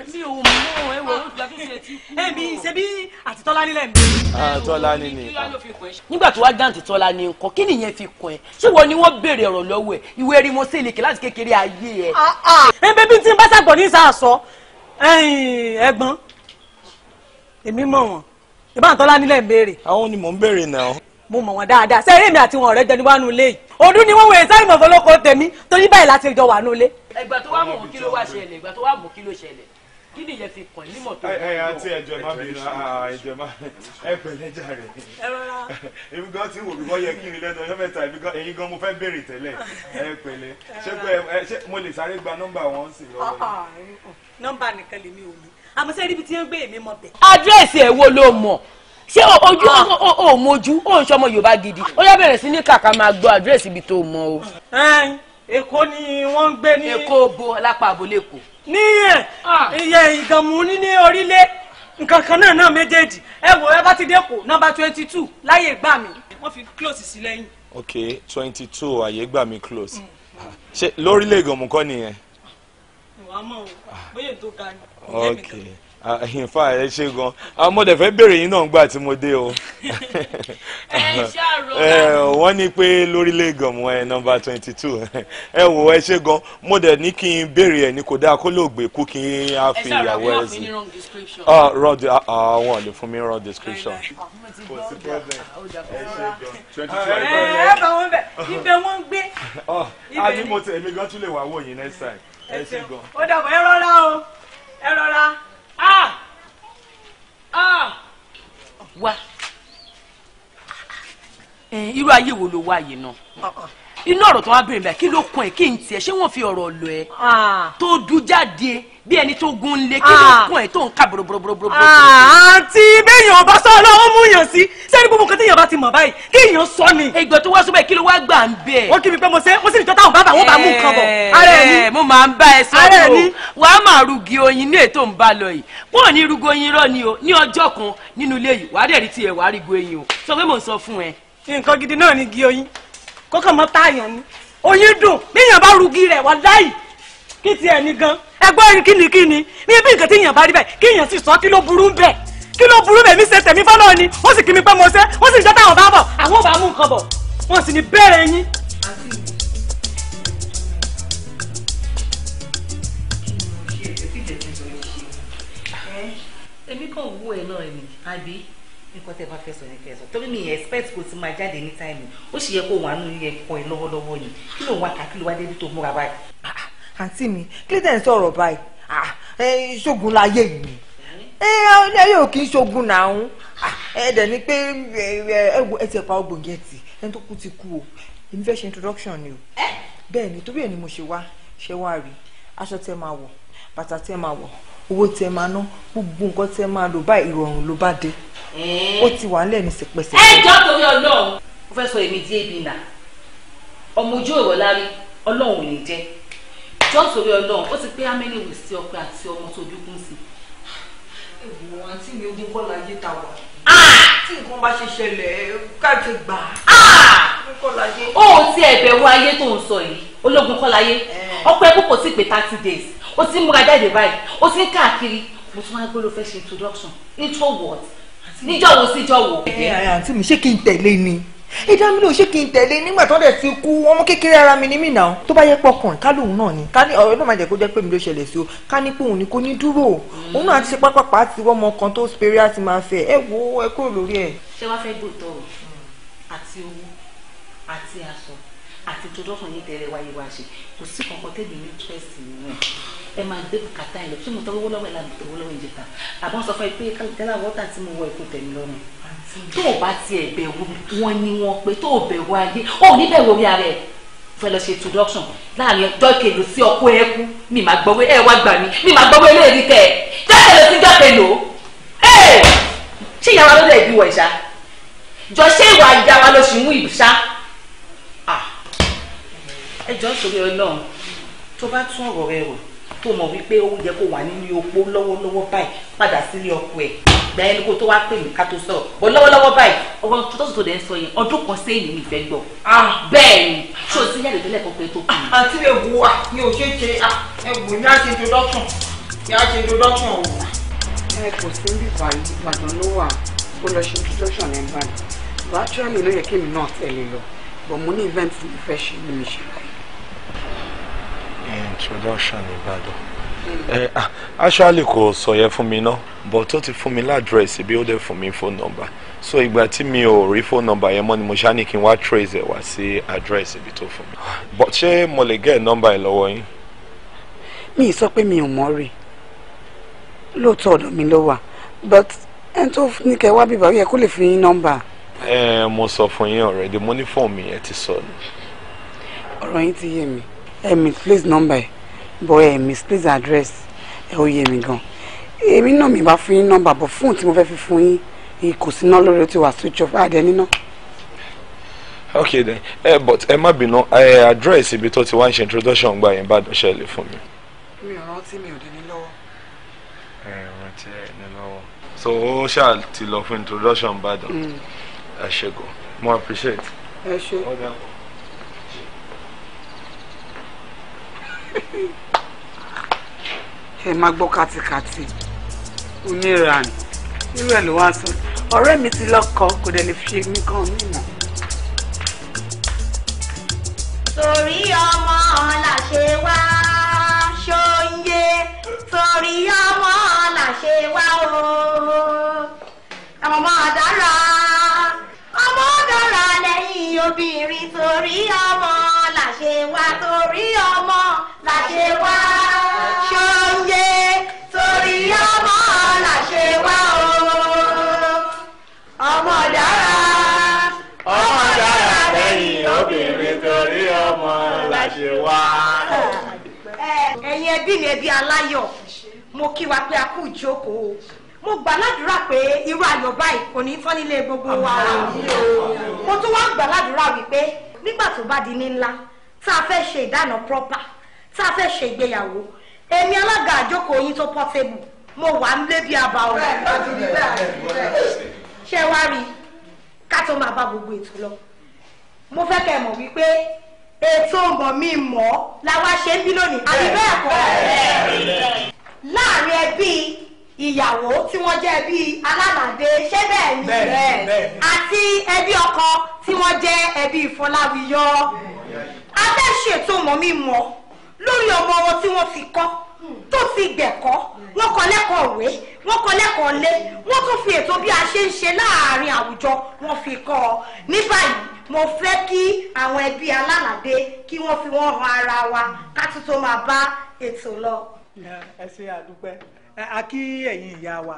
èmi ò mọ ewé olóògbé ah. akéṣe ti kú. èmi ṣebí àti nílẹ̀ mi. Ah, tọ́lá ni ni. nígbà tó wá dáǹtì tọ́lá ni nǹkan kí nìyẹn fi kún ẹ ṣé wọn ni wọ́n béèrè ọ̀rọ̀ lọ́wọ́ ẹ ìwé rí mo sí ìlẹ̀kẹ̀ láti kékeré ayé ẹ. Ah, ẹ bẹ́ẹ̀ bí tí n bá ṣàgbọ̀ ní ìsàsọ ẹ̀gbọ́n èmi mọ̀ wọ́n ìbáǹtọ́lá nílẹ̀ ń béèrè. àwọn ni mò ń béèrè náà mo mọ̀ wọ́n dáadáa ṣé eré mi àti wọn ọ̀rẹ́ jẹ níwájú ilé yìí ọdún ni wọ́n wèé sáré mọ̀fọ́ lóko tèmi torí báyìí láti jọ wà nulẹ̀. ìgbà tó wá mọ̀ kí ló wá ṣẹlẹ̀ ìgbà tó wá mọ̀ kí ló ṣẹlẹ̀ kí nìyẹn fi kàn nímọ̀ tó. ẹ ẹ àti ẹjọ má bínú ah, ẹjọ má ẹ pẹ̀lẹ́ jàre. èmi gan ti wò mí kọ́ yẹ kí n lẹ́nu ọjọ́ mẹ́ta èmi gan èyí gan mo fẹ́ béèrè tẹ́lẹ̀ ẹ pẹ̀lẹ́ ṣé pé ẹ ṣé mo lè sáré gba nọ́mbà wọn sí lọ́wọ́ yìí. nọ́mbà nìkan lèmi ò ní àmọ́ sẹ́ẹ́rì ibi tí ń gbé èmi mọ̀ bẹ́ẹ̀. àdírẹ́sì ẹ̀ wo ló mọ̀ ṣé ojú ò ah. mojú ò ń sọmọ yorùbá gidi ó yá bẹ̀rẹ̀ sí ní kàkà máa gbọ́ àdírẹ́sì ibi tó mọ o. èkó ni wọ́n ń gbé ní. èkó bo lápá àbólé èkó. ní ah. iye ìgànmú ní ní orílẹ̀ nǹkan kan náà náà méjèèjì ẹ wò ẹ bá ti dẹ́kọ̀ nọ́mbà twenty two láyé gbà mí wọ́n fi close sí lẹ́yìn. ok twenty two àyè gbà mí close ṣe lórílẹ̀ ìgànmú kọ́ nìyẹn. ìwà mọ̀ o ah. bóyá ètò ga ni. ok. okay in fact ẹ ṣe gan àmọ́ ah, dẹ̀ fẹ́ béèrè yín náà gbà tí mo dé o. ẹ ṣàrò. Eh, ní pé lórílẹ̀ gànmọ́ ẹ eh, nọ́mbà twenty two ẹ eh, wò ẹ ṣe gan mo dẹ̀ ní kí n béèrè ẹ̀ ní kò dáa kó lóògbé kú kí n á fi ìyàwó ẹ sí. ẹ wrong description. Ah, wrong àwọn ah, lè fún mi wrong description. kò sí problem ẹ ṣe gan. ẹ bá wọn bẹ ibẹ̀ wọ́n gbé. a ní mo tẹ̀ èmi gan tún lè wá wò next time ẹ ṣe gan. ó dàbọ̀ ẹ rọra o ẹ rọra ah ah wá irú ayé wo ló wá yìí náà inú ọ̀rọ̀ tó wá bẹ̀rẹ̀ báyìí kí ló kàn ẹ́ kí n tiẹ̀ ṣé wọ́n fi ọ̀rọ̀ lọ ẹ ah. tó dùn jáde bí ẹni tó gun lé kí ló ah. kàn ẹ́ tó ń ka bòròbòròbòrò. Ah, àǹtí béèyàn bá sọ ọlọ́run mú yàn sí sẹ́ni gbogbo kan téèyàn bá ti mọ̀ báyìí kí èèyàn sọ ni. ìgbà tó wá sọ́bẹ̀ kí ló wá gbà ń bẹ̀. wọ́n kí mi pé mo ṣe mo sì ní tọ́ta àwọn bàbá wọn bá mú nǹkan bọ̀. Eh, ara ẹ̀ ni eh, mo máa ń bá ẹ sọ ọ́ o wà á máa rugi oyin ní ètò ń bá lọ yìí wọn ò ní rugi oyin rọ ni o ní ọjọ́ kan nínú ilé yìí wàá dẹ̀ rí tiẹ̀ wàá rí go oyin o sọ pé mò ń sọ fún ẹ. nǹkan gidi náà ni gi oyin kọ́kọ́ mọ́ táyàn ni oyin dùn bíyàn bá rugi rẹ̀ wá láì kí ti ẹni gan ẹgbẹ́ rin kíni kíni ní bí nǹkan tí yàn bá rí bẹ́ẹ̀ kí yàn sì sọ kí ló burú bẹ́ẹ̀ kí ló burú bẹ́ẹ̀ mi ṣe tẹ̀mí fọ́lọ́ ni ó sì kí mi pé mo ṣe ó sì jẹ́ táwọn bá bọ̀ àwọn ò bá mú nǹkan bọ̀ wọ́n sì ní bẹ́ẹ̀rẹ̀ yín. èmi kàn wú ẹ náà ẹ̀mí àbí nǹkan tẹ́ bá fẹ́ sọ ní kẹsàn torí mi expect kò ti máa jáde ní táìmù ó sì yẹ kó wà nínú ilé ẹ̀kọ́ ẹ lọ́wọ́lọ́wọ́ yìí kí ló ń wá kà kí ló wá débi tó múra báyìí. Ah, ah, àǹtí mi kí ló dé ń sọ̀rọ̀ báyìí ah, ṣógun láyé yìí ẹ yóò kí n ṣógun náà ẹ dẹ̀ ni pé ẹ ti pa ọgbọ̀n gẹ̀ẹ́tì ẹni tó kú ti kú o èmi fẹ́ ṣe introduction ni o bẹ́ẹ̀ ni torí ẹ̀ ni mo ṣe wá ṣe wá rí aṣọ tẹ́ máa wọ̀ bàtà tẹ́ máa wọ̀ owó tẹ máa ná gbogbo nǹkan tẹ máa lò báyìí ìrọ̀rùn ló bá dé hmm. ó ti wà nílẹ̀ ní sẹpẹsẹ. ẹ jọ torí Ọlọ́run mo fẹ́ sọ èmi di ebi nà ọmọ ojú ọ̀rọ̀ lárí Ọlọ́run ò ní jẹ jọ torí Ọlọ́run ó ti pé amẹni wò sí ọpẹ àti ọmọ tó dúkùn sí. ewu àǹtí mi ogun kọ́ la yé ta wà ah! tí nǹkan bá ṣe ṣẹlẹ̀ káàkiri gbà á. o ò tí ẹ̀bẹ̀ wọ ayé tó ń sọ yìí ológun kọ́ láyé ọpẹ́ púpọ̀ sí pé thirty days ó ti ń múra jáde báyìí ó ti ń káàkiri mo tún wáá gbọ́dọ̀ fẹ́ ṣe introduction intro what níjọ́ wo síjọ́ wo. ẹ ẹ àǹtí mi ṣé kí n tẹ̀lé ni ìdá mi ló ṣe kí n tẹ̀lé nígbà tó dẹ̀ ti kú ọmọ kékeré ara mi ní mí náà tó bá yẹ pọkùnrin ká lóun náà ni ká ní ọ̀rọ̀ náà má jẹ́ kó jẹ́ pé mi ló ṣẹlẹ̀ sí o ká ní pé òun ni kò ní dúró mm. òun náà ti ṣe pápápá ti wọ́n ọmọ kan tó spere á ti máa fẹ́ ẹ wo ẹ kúrò lórí ẹ. ṣé wàá fẹ́ gbòòtọ́ o àti owó àti aṣọ àti tó dọ́kàn yín tẹ̀lé wáyé wá ṣe kò sí kankan tẹ̀lé ní tẹ́sí nínú ẹ̀ ẹ máa gbé kàtá yẹn lọ ṣé mo tọ́ owó lọ́wọ́ ẹ̀ láti tọ́ owó lọ́wọ́ ìjẹta àbọ̀ sọ fún ẹ pé gánà wọ́tà tí mo wọ ẹ̀kọ́ tẹ̀mí lọ́rùn tó o bá tiẹ̀ bẹ̀wò wọn ni wọn pé tó o bẹ̀wò ayé o ò ní bẹ̀wò orí ara ẹ̀ fẹ́ lọ ṣe introduction láàrin ọjọ́ kèlò sí ọkọ ẹ kú mi máa gbọ́ wé ẹ wá gbà mí mi máa gbọ́ wé lórí tẹ̀ jọ́kèlò sí jọ́kèlò ṣé ìyá wa ló lè bí wọ̀ ìṣá jọ ṣé ìwà ìyá wa ló sì mú ìṣá ah! ẹ jọ ń sọ̀rọ̀ ẹ náà tó bá tún ọ̀rọ̀ rẹ rò tó mọ̀ wípé ó yẹ kó wà nínú opó lọ́wọ́lọ́wọ́ báyìí padà sílé ọkọ ẹ̀ gba ẹni kó tó wá pè mí ká tó sọ̀rọ̀ bọ́ lọ́wọ́lọ́wọ́ báyìí ọwọ́ tó tó dẹ̀ ń sọ yẹn ọdún kan sẹ́yìn mi fẹ́ gbọ́. Ah. bẹ́ẹ̀ ni ṣé o ti yàgò tẹ́lẹ̀ kan pé tó kù. Ah, àti lè wo wa ni o ṣe ṣe ẹgbò ní àṣẹ introduction ní àṣẹ introduction o. ẹ kò sí ń bìbà ìbàdàn ló wà kó lọ ṣe introduction ẹ̀ báyìí bàtúrà mi ló yẹ kí mi náà tẹ̀lé lọ bọ̀ mo ní event mi ṣe ní mi ṣe báyìí introduction Ìbàdàn. ẹ actually kò sọ yẹn fún mi náà but ó ti fún mi ládírẹ́sì bí ó dẹ̀ fún mi phone number so ìgbà tí mi ò rí phone number yẹn mọ́ ni mo ṣáà ní kí n wá trace ẹ̀ wá sí àdírẹ́sì ibi tó fún mi but ṣé mo lè get number ẹ̀ lọ́wọ́ yín. mi sọ pé mi ò mọ̀ rí lóòótọ́ ọ̀dọ̀ mi ló wà but ẹni tó ní kẹ́ wá bíbá ó yẹ kó lè fi yín nọ́mbà. ẹ mo sọ fún yín already mo ní fóònù mi ẹ ti sọ ni. ọ̀rọ̀ yín ti yé mi ẹ eh, misplace number ẹ bọ ẹ misplace address ẹ ó yé mi gan èmi náà mi bá fún yín nọ́mbà bọ fóònù tí mo fẹ́ fi fún yín yìí kò sí iná lórí ó ti wà switch off àdé níná. okay then ẹ eh, but ẹ má bínú ẹ eh, address ibi tó ti wá ń ṣe introduction gba yẹn bá dọ̀ṣẹ́ lè fún mi. mi ò rántí mi ò dé ní lọ́wọ́. ẹ rántí ẹ ní lọ́wọ́. so ó ṣáà ti lọ fún introduction bàdàn. Mm. ẹ ṣe gan mo appreciate. ẹ ṣe. ọ̀dà. ẹ máa gbọ́ kátikàti oníranì irú ẹ̀ ló wá sọ ọ̀rẹ́ mi ti lọ́kọ kò dẹ̀ lè fi mí kan mí mọ́. torí ọmọ ọ̀la ṣe wá ṣóyè torí ọmọ ọ̀la ṣe wá o ọmọ dára ọmọ dára lẹ́yìn obìnrin torí ọmọ. ṣe torí ọmọ la ṣe wá torí ọmọ la ṣe wá ọmọ torí ọmọ la ṣe wá. ẹbí mi ẹbí aláyọ̀ mo kí wa pé a kú ìjókòó mo pé irú ayọ̀ báyìí kò ní nílé gbogbo wa mo tún wá wípé nígbà tó bá di ní ńlá tá a fẹ́ ṣe ìdáná proper tá a fẹ́ ṣe ìgbéyàwó èmi alága àjókòó yín tó pọ́tébù mo wà ń lé bí aba ọ̀rọ̀ ṣé wá rí i ká tó máa bá gbogbo ètò lọ mo fẹ́ kẹ́ mọ̀ wípé ètò mọ̀ mi mọ̀ làwa ṣe ń bí lónìí àbí bẹ́ẹ̀ kọ́ láàrin ẹbí ìyàwó tí wọ́n jẹ́ ẹbí alálàdé ṣé bẹ́ẹ̀ ni àti ẹbí ọkọ tí wọ́n jẹ́ ẹbí ìfọláwiyọ adáṣe tó mọ̀ mí mọ̀ lórí ọmọ wọn tí wọ́n fi kọ́ tó ti gbẹ̀kọ́ wọ́n kọ́ lẹ́kọ̀ọ́ òwe wọ́n kọ́ lẹ́kọ̀ọ́ lé wọ́n tún fi ètò bí a ṣe ń ṣe láàárín àwùjọ wọ́n fi kọ́ ọ ní báyìí mo fẹ́ kí àwọn ẹbí alálàdé kí wọ́n fi wọ́n han ara wa ká tún tó máa bá ètò lọ. ẹ ṣe àdúpẹ́ a kí ẹ̀yin ìyá wa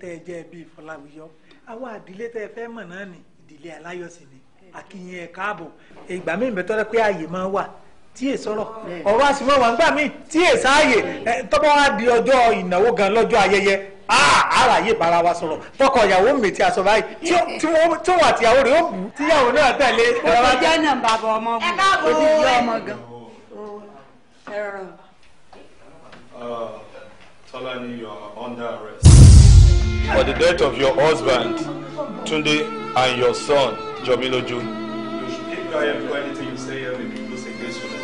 tẹ́ ẹ jẹ́ bíi Fọláwíyọ àwa ìdílé tẹ́ ẹ fẹ́ mọ̀ náà ní ìdílé aláyọ̀sìn akínyìn ẹ̀ káàbọ̀ ìgbà míì bẹ́ẹ̀ tọ́lẹ́ pé ààyè máa wà tí è sọ̀rọ̀ ọ̀rọ̀ àsìmọ́ wà nígbà míì tí è sáàyè tọ́pọ̀ wá di ọjọ́ ìnáwó gan lọ́jọ́ ayẹyẹ ara yé bara wa sọ̀rọ̀ tọkọ mi ti aṣọ báyìí tí wọ́n àti ìyàwó rẹ̀ ó bù tíyàwó náà tẹ̀lé. ó jẹ́ nàmbà bọ̀ ọmọ mi ó ti jẹ́ ọmọ gan. Uh, Tolani, you are under arrest for the death of your husband, Tunde, and your son jọ mí lójú. If I anything you say, I mean, people say this was a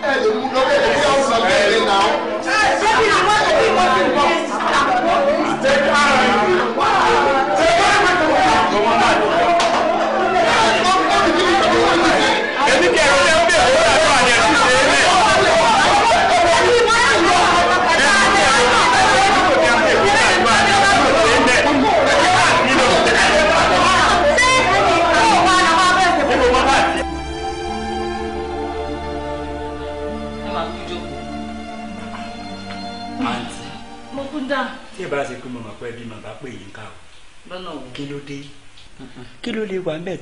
ẹ lè mú lọ́wọ́ ẹ̀ bí ọ̀sán bẹ́ẹ̀ ni náà. ẹ ṣé kí ni wọ́n ti bí wọ́n ti bọ̀. ṣé kí ara ẹ̀ bí.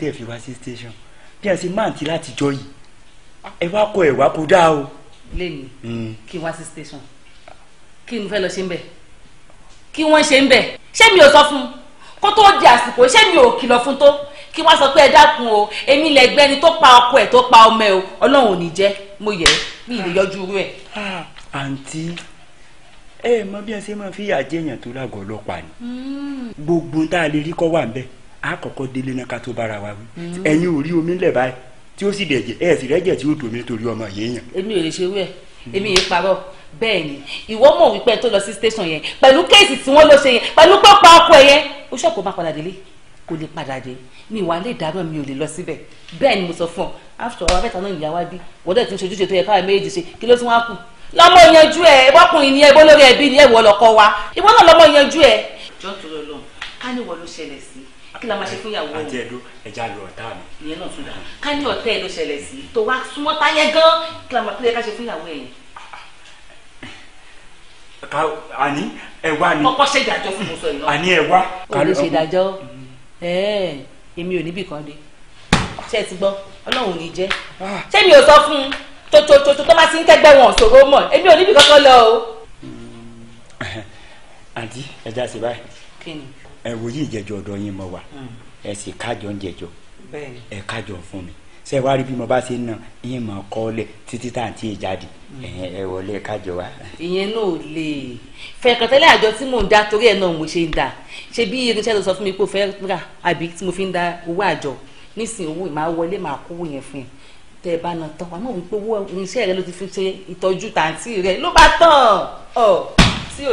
tẹ́ ẹ fi wá sí station bí a ṣe máa ti láti jọ yìí ẹ wá kọ ẹ wá kó dá o. lẹ́yìn hmm. kí n wá sí station kí n fẹ́ lọ ṣe ń bẹ̀ kí wọ́n ṣe ń bẹ̀ ṣé mi ò sọ fún un kó tó di àsìkò ṣé mi ò kìlọ̀ fún tó kí wọ́n sọ pé ẹ dákun o èmi lẹ́gbẹ́ ni tó pa ọkọ ẹ̀ tó pa ọmọ ẹ̀ o ọlọ́run ò ní jẹ́ mo yẹ mi ì lè yọjú irú ẹ̀. àǹtí ẹ mọ bí ẹ ṣe máa fi àjẹyàn tó lágọ̀ọ́ ọlọ́pàá ni hmm. gbogbo tá a lè rí kọ́ wà ń bẹ́ẹ̀ a kọ́kọ́ délé náà ká tó bára wa wí mm. ẹ̀yin ò rí omi ńlẹ̀ báyìí tí ó sì dẹ̀jẹ̀ ẹ̀ sì rẹ́jẹ̀ tí ó dùn mí torí ọmọ yẹn yàn. èmi ò lè ṣe wẹ̀ èmi yẹn parọ́ bẹ́ẹ̀ ni ìwọ mọ̀ wípé tó lọ sí station yẹn pẹ̀lú kéèsì tí wọ́n lọ ṣe yẹn pẹ̀lú pápá ọkọ yẹn ó ṣọ̀kọ̀ má padà délé kò lè padà dé mi ìwà lè dáná mi ò lè lọ síbẹ̀ bẹ́ẹ̀ ni mo sọ fún ọ after ọba mẹ́ta náà ìyá wa bí wọ́n dẹ̀ ti ń ṣojúṣe tó yẹ káwọn méjì ṣe kí ló tún wá kù lọ́mọ yanjú ẹ̀ ìbọ́kùnrin ni ẹ bó lórí ẹbí ni ẹ wọ lọ́kọ wa ìwọ náà lọ́mọ yanjú ẹ̀. jọ́ntòrò lọ ká ní wọ́n ló ṣẹlẹ̀ sí kí la máa ṣe fún ìyàwó àti ẹdó ẹja lu ọ̀tá mi. ìyẹn náà tún dà ká ní ọ̀tá ló ṣẹlẹ̀ sí tó wá súnmọ́ táyé gan kí la tó yẹ ká ṣe fún ìyàwó ẹ̀yìn. ká àní ẹwà ni. kọ́kọ́ ṣe ìdájọ́ fún mọ̀sọ̀ yìí náà. àní ẹwà. olú ṣe ìdájọ́ èmi ò níbì kan dé ṣe ti gbọ́ ọlọ́run ò ní jẹ́ ah. ṣé mi ò sọ fún un tòtòtòtò tó bá ti ń kẹ́gbẹ́ wọn ṣòro mọ̀ èmi ò níbì kankan lọ o. àǹtí ẹja ṣe báyìí. kí ni ẹ wòlíì ìjẹjọ ọ̀dọ̀ yín mo wà hmm. ẹ sì kájọ ń jẹjọ ẹ kájọ fún mi ṣe wá rí bí mo bá ṣe ń nà yín mọ̀ kọ́ lẹ̀ títí tá à ń tí ì jáde hmm. ẹ wọlé kájọ wa. ìyẹn náà lè fẹ̀kàntẹ́lẹ̀ àjọ tí mò ń dá torí ẹ̀ náà mo ṣe ń dà ṣe bí irinṣẹ́ tó sọ fún mi pé o fẹ́ rà àbí tí mo fi ń da owó àjọ nísìnyí owó ìmáa wọlé màá kówó yẹn fún yẹn tẹ bá na tán àmọ́ òun pé owó irinṣẹ́ rẹ ló ti fi ṣe ìtọ́jú tàǹtì rẹ ló bá tán ọ tí ò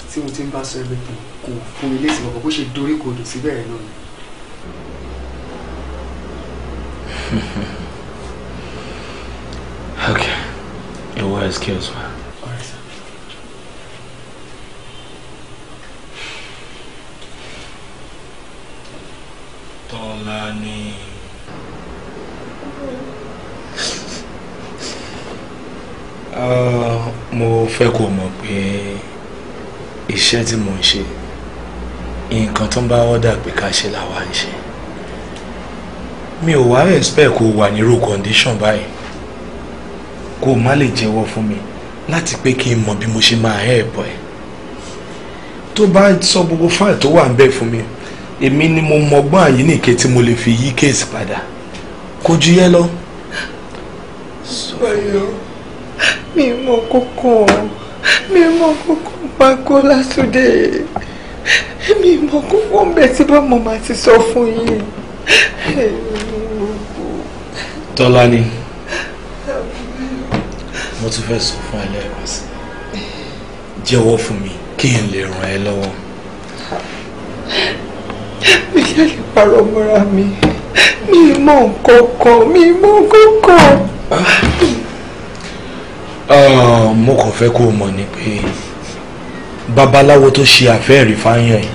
tí mo ti ń bá sọ everything kò fún mi létí ọkọ̀ bó ṣe dorí kodò síbẹ̀ náà ni. okay your word kills me. Tọ́lání. Uh, mo fẹ́ kó mọ̀ pé iṣẹ́ tí mò ń ṣe nǹkan tó ń bá ọ́dà pé ká ṣe làwa ń ṣe mi ò wá expect kó wà nírú condition báyìí kó má lè jẹ́wọ́ fún mi láti pé kí n mọ̀ bí mo ṣe máa help ẹ̀ tó bá sọ gbogbo fáìlì tó wà ń bẹ̀ fún mi èmi ni mo mọgbọ́n àyíníke tí mo lè fi yí kéèsì padà kò yẹ lọ. sọyọ mi mọ kókó mi mọ kókó pákó lásùdé èmi ìmọ̀ kókó ń bẹ tí bá mọ̀ máa ti sọ fún yín. tọ́lá ni mo tún fẹ́ sọ fún ẹ lẹ́ẹ̀kan sí jẹ́wọ́ fún mi kí n lè ràn ẹ́ lọ́wọ́. mi yá lè parọ́ mọ́ra mi mi mọ̀ nǹkan mi mọ̀ nǹkan ah, mo kàn fẹ́ kó o mọ̀ ni pé babaláwo tó ṣe àfẹ́ẹ̀rí fáyàn yìí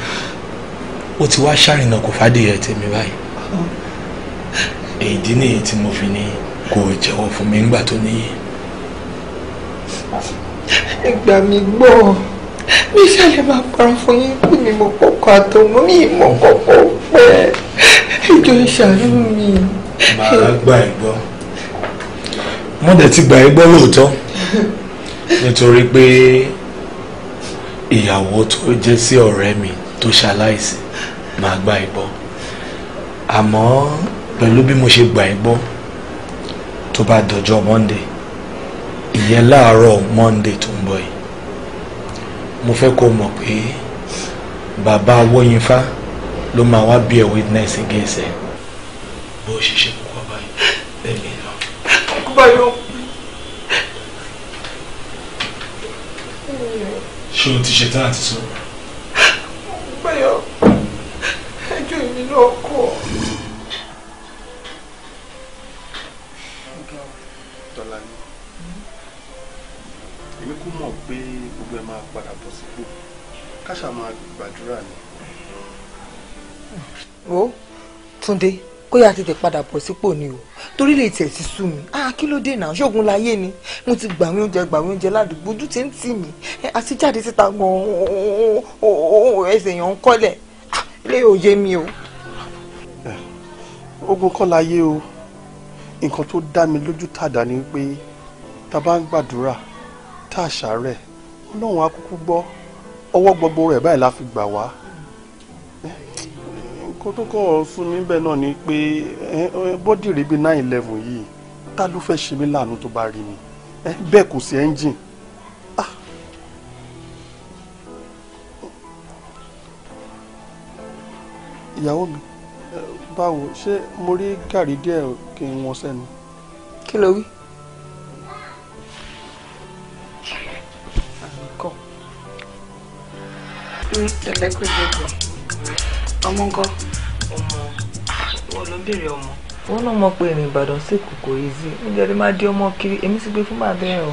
ó ti wá ṣàrìnà kò fàdéyẹ tèmi báyìí èyí nìyí tí mo fi ní kò jẹ́wọ́ fún mi ńgbà tó níyì. ìgbà mi gbọ́ mi ṣàlẹ̀ máa para fún yín kí mi mo kọ́kọ́ àtọ̀mọ́ mi mo kọ́kọ́ pẹ́ ìjọ ìṣàánú mi. màá gbà ẹ gbọ́ mo dẹ̀ ti gbà ẹ gbọ́ lóòótọ́ nítorí pé ìyàwó tó jẹ́ sí ọ̀rẹ́ mi tó ṣaláìsí máa gbà ẹ́ gbọ́ àmọ́ pẹ̀lú bí mo ṣe gbà ẹ́ gbọ́ tó bá dọjọ́ Monday ìyẹn láàárọ̀ Monday tó ń bọ̀ yìí mo fẹ́ kó mọ̀ pé bàbá awóyinfá ló máa wá bí ẹ witness against ẹ bó ṣe ṣe kú bàbá yìí lẹ́mìí náà. báyọ̀ ṣé o ti ṣe tán àti sọ. báyọ̀ ẹjọ́ èmi náà kọ̀. tọ́lá ni èmi kò mọ̀ pé gbogbo ẹ̀ máa padà bọ̀ sípò káṣà máa gbàdúrà ni. wo Túndé kó yá tètè padà bọ̀ sípò ni o torí lè tẹ̀ sí sú mi ah kí ló dé náà ṣóògùn láyé ni mo ti gbàwé oúnjẹ gbàwé oúnjẹ ládùúgbò ojú ti ń tì mí àti eh, jáde síta gan-an ẹsẹ̀ yẹn ń kọ́lẹ̀ ah, ilé ò yé mi o. Eh, ogun kọ́ láyé o nǹkan tó dá mi lójú tàdá ni pé tá a bá ń gbàdúrà tá a ṣàárẹ̀ ọlọ́run á kúkú gbọ́ ọwọ́ gbogbo rẹ̀ báyìí la fi gbà wá nǹkan tó kọ́ fún mi bẹ́ẹ̀ náà ni pé bọ́dì rẹ̀ bíi nine eleven yìí ta ló fẹ́ ṣe mí láàánú tó bá rí mi bẹ́ẹ̀ kò sí ẹ́ńjìn ìyàwó mi báwo ṣé mo rí gàrí díẹ̀ kí n wọn sẹ́nu. kí ló wí. ọmọ nǹkan wọn ló ń béèrè ọmọ. wọn náà mọ pé ìrìn ìbàdàn sí kòkò easy níbi ẹni máa di ọmọ kiri èmi sì gbé fún bàbá ẹ o.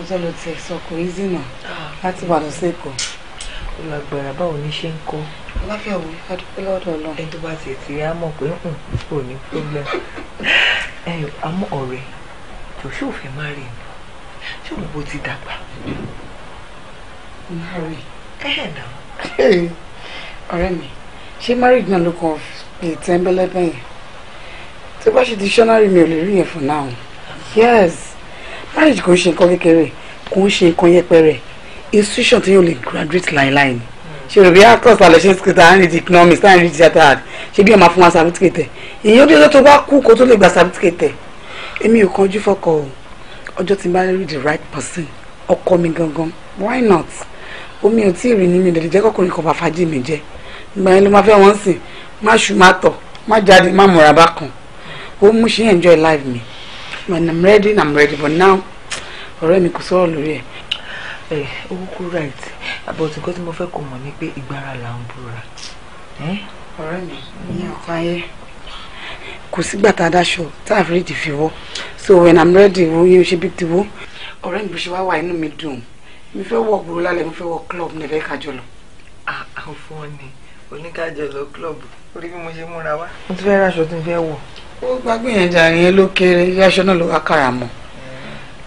ó tọ́ ló ti sọ kò easy náà ah. láti ìbàdàn sí èkó. olùgbàrà báwo ni ṣe ń kọ́. aláfíà wo adúpẹ́ lọ́dọ̀ ọlọ́run. ẹni tó bá ti ti á mọ̀ pé hmm, kò ní problem. ẹyọ àmọ́ ọ̀rẹ́ jòṣù fẹ́ má rí mi ṣé òun ti dàgbà. ọ̀rẹ́ mi ṣé marriage náà ló kọ́ ọ́fíìs bíi tẹ́ńbẹ́lẹ́ bẹ́yẹn tó bá ṣe dictionary mi ò lè rí yẹn fún náà yes marriage kò ń ṣe nǹkan kékeré kò ń ṣe nǹkan yẹpẹrẹ institution tí yóò lè graduate láéláé ni ṣe rò bí actors alẹ ṣe ń sikẹta à ń rí di economics à ń rí di theatre art ṣe bí ẹ máa fún wa certificate ìyẹn ó dé tó bá kú kó tó lè gba certificate èmi ò kánjú fọkọ o ọjọ́ tí n bá rí the right person ọkọ mi gangan why not omi ò tí ì rí nínú ìdẹ̀lẹ̀ jẹ́ kọkùnrin kan bàfájì mi jẹ́ ìgbà yẹn ló máa fẹ́ wọ́n sìn má ṣù má tọ̀ má jáde má múra bá kan ó mú ṣe enjoy life mi when i'm ready i'm ready but now ọ̀rẹ́ mi kò sọ̀rọ̀ lórí ẹ̀. ẹ owó kú right but nǹkan tí mo fẹ́ kó mọ̀ ni pé ìgbára là ń búra. ọ̀rẹ́ mi ìyẹn ọ̀kan ayé kò sígbà tá a tá a fi rédì fi wọ́ so when i'm ready wo yín ṣe bí ti wo. ọ̀rẹ́ mi bó ṣe wá wà inú mi dùn mi fẹ́ wọ̀ gbòòrò lálẹ́ mi fẹ́ wọ̀ club níbẹ̀ kájọ lọ. àwọn fún ọ ni oníkájọ lọ kílọ̀bù orí bí mo ṣe múra wá. mo ti fẹ́ ráṣọ tí mo fẹ́ wọ̀. ó gbàgbé yẹn jà yẹn ló kéré aṣọ náà ló wá kára mọ́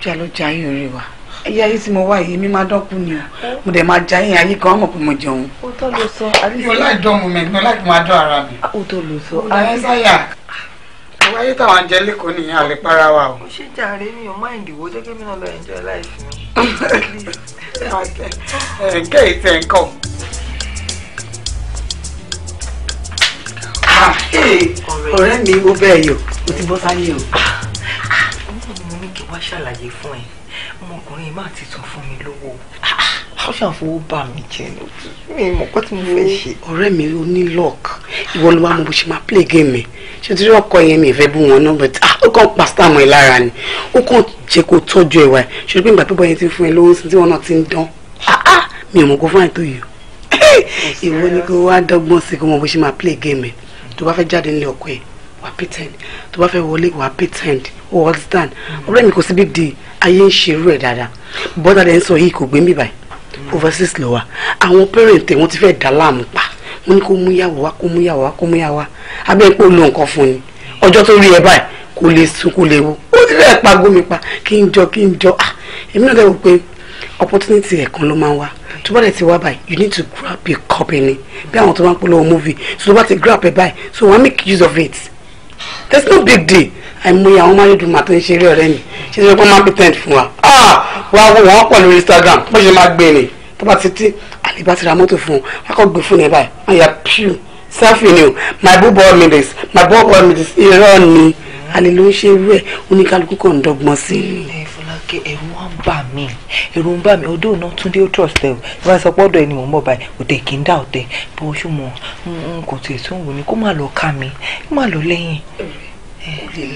jà mm. ló jà yín orí wa ẹyẹ ayé tí mo wá yìí mi máa dọ́kú ni o oh. mo dẹ̀ máa ja yín ayé kan mọ̀ pé mo jẹun. o tọ́ ló sọ. mi ò láì dán mu mi mi ò láì máa dán ara mi. Ah, ó tọ́ ló sọ. mo láyé sáyà àwọn ayé táwọn àjẹ lẹ́kọ̀ọ́ ni àlè para wa o. mo ṣe jàre mi ò má ìdìbò jẹ́ kí mi náà lọ enjoy life mi. ẹ̀ ǹkẹ́ ìtẹ̀ ǹkan. ọ̀rẹ́ mi ó bẹ́ẹ̀ yọ ó ti bọ́ sáyé o. Ah, mo ní kí wá ṣàlàyé fún ẹ ọmọkùnrin má ti tún fún mi lówó ah, ó ṣàfowó bá mi jẹ mi mọ̀ kọ́ tí mo fẹ́ ṣe. ọ̀rẹ́ mi ò ní lock ìwọ ló wá mo bó ṣe máa play game mi ṣé tí ọkọ yẹn mi ìfẹ́ bú wọn náà but ah, ó kàn pàṣẹ àmọ́ ẹ lára ni ó kàn jẹ́ kó tọ́jú ẹ̀wà ṣe pé ìgbà pípọ̀ yẹn ti fún ẹ lówó sí tí wọ́n náà ti ń dán mi ò mọ̀ kó fún àìtó yìí ìwọ ni kó wá dọ́gbọ́n sí kó mọ̀ bó ṣe máa play game mi tó bá fẹ́ jáde nílé ọkọ ẹ̀ wà pretend tó bá fẹ́ wọlé wà pretend ó understand mm. ọ̀rẹ́ mi kò sí big deal ayé ń ṣerú ẹ̀ dáadáa bọ́dà lẹ́ ń sọ yìí kò gbé mi báyìí mm. overseas lọ wa àwọn parent wọn ti fẹ́ dà láàmú pa wọn ní kó mú yàwó wa kó mú yàwó wa kó mú yàwó wa abẹ́ pé ó lo nǹkan fún ni ọjọ́ tó rí ẹ báyìí kò lè sùn kò lè wo ó ti fẹ́ pa gómi pa kí n jọ kí n jọ ah èmi náà dẹ́ wò pé opportunity ẹ̀kan ló máa ń wá tó bá dẹ̀ ti wá báyìí you need to grab your company bí àwọn tó máa ń polówó movie so tó bá ti grab ẹ̀ báyìí so wọ́n make use of it there no big deal àìmọye àwọn máyédùn máa tó ń ṣeré ọ̀rẹ́ mi ṣe ṣe pé wọ́n máa pretend fún wa ah! wá wọ́n wọ́n pọ̀ lórí Instagram bó ṣe máa gbé ni tó bá ti tí àlè bá ti ra mọ́tò fún un wọ́n kọ́ gbé fún ẹ báyìí wọ́n yà píù selfie ni o my boo bought me this my boo bought me this irọ́ ni àlè ló ń ṣe irú ẹ̀ oníkálukú kan ń dọ́gbọ́n sí i kí ẹ̀rù wọn bà mí ẹ̀rù ń bà mí odò náà túndé ó trust ẹ o ìwà ìsọpọ̀ ọ̀dọ̀ ẹni mò ń bọ̀ báyìí òtẹ̀ kì í dá òtẹ̀ bó o ṣù mọ̀ n kò tiẹ̀ tó ń wò mí kó má lọ ká mi kó má lọ lẹ́yìn.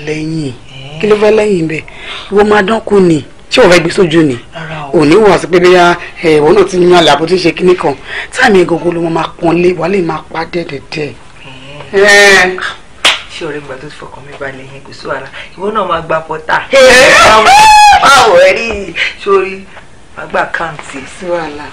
lẹ́yìn kí ló fẹ́ lẹ́yìn bẹ́ẹ̀ ìwọ máa dán kù ni tí o fẹ́ gbé sójú ni òní wọ̀ sí pé bóyá ẹ̀wọ̀n náà ti yan àlẹ́ àbótí ṣe kíní kan táàmì egungun ló máa pọ́n lé wàá lè máa pa dẹ́dẹ́dẹ́ ṣé ọ̀rẹ́ gbà tó ti fọkàn mi balẹ̀ yẹn kò sí wàhálà ìwọ náà máa gba pọ́tà báwo ẹ rí i sórí máa gba àkáǹtì sí wàhálà.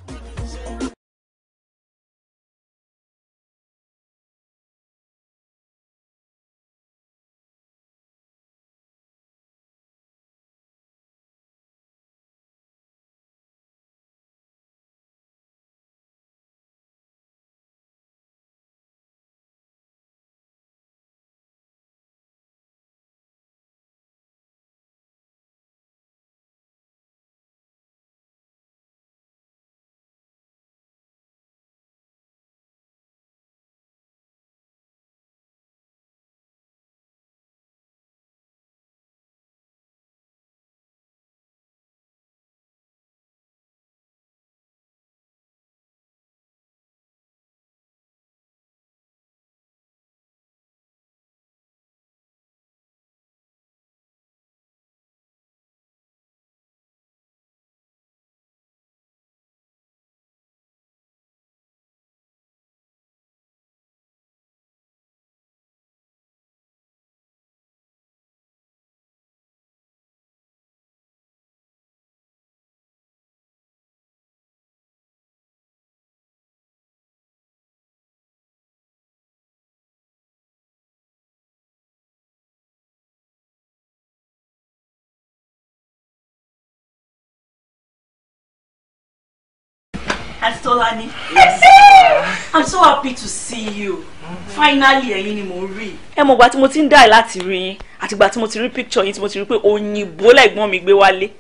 Aditolani. Yes. I'm so happy to see you. Mm-hmm. Finally ẹ̀yin ni mo rí. Ẹ mọ̀ ìgbà tí mo ti ń dá ẹ̀ láti rí yín àti mo ti rí picture yín tí mo ti rí pé òyìnbó lẹ́gbọ́n mi gbé wálé.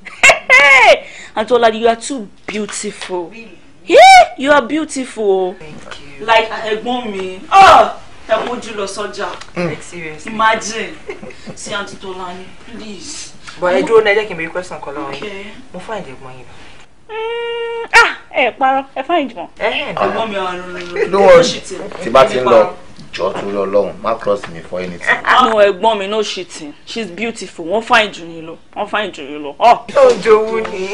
Aditolani, you are too beautiful. Really? Yeah, you are beautiful. Thank you. Like ẹ̀gbọ́n mi. Oh! ẹ mójú lọ sọjà mm. imagine sí àǹtí Tolani please. bọ̀ ẹ dúró náà ẹ jẹ́ kí n bèrè question kan lọ́wọ́ yìí mo fún àìdè ẹ̀gbọ́n yìí ẹ parọ́ ẹ fáyìn jùmọ̀. Ah. ẹ̀gbọ́n mi ọ̀rọ̀ ah, tí bá ti ń lọ jọ torí Ọlọ́run má cross me for anything. àwọn ẹ̀gbọ́n mi no shitting she is beautiful wọ́n fáyìn jù yín lọ wọ́n fáyìn jù yín lọ. yóò oh. jowú ni.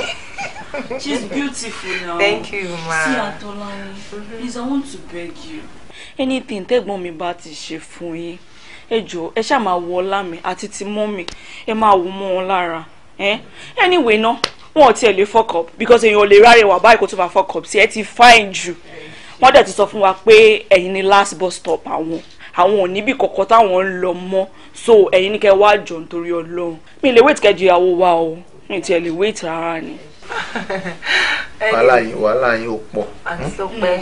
she is beautiful now. thank you ma. sí àtọ́láyé please i want to beg you. anything tẹ́gbọ́n mi bá ti ṣe fún yín ẹ jọ̀ọ́ ẹ ṣáà máa wọ ọlá mi àti ti mọ́ mi ẹ máa wò mọ́ wọn lára. Eh? anyway náà. No? wọn ò tiẹ̀ lè fuck up because èèyàn ò lè ráre wà báyìí kó tó máa fuck up sí ẹ ti fine jù wọ́n dẹ̀ ti sọ fún wa pé ẹ̀yin ni last bus stop àwọn àwọn ò níbi kọ̀ọ̀kan táwọn ń lọ mọ́ so ẹ̀yin ní kẹ́ wá jọ nítorí ọlọ́run mi lè wait kẹjọ ìyàwó wa o mi tiẹ̀ lè wait rárá ni. wàhálà yín wàhálà yín ò pọ̀ àti tọpẹ́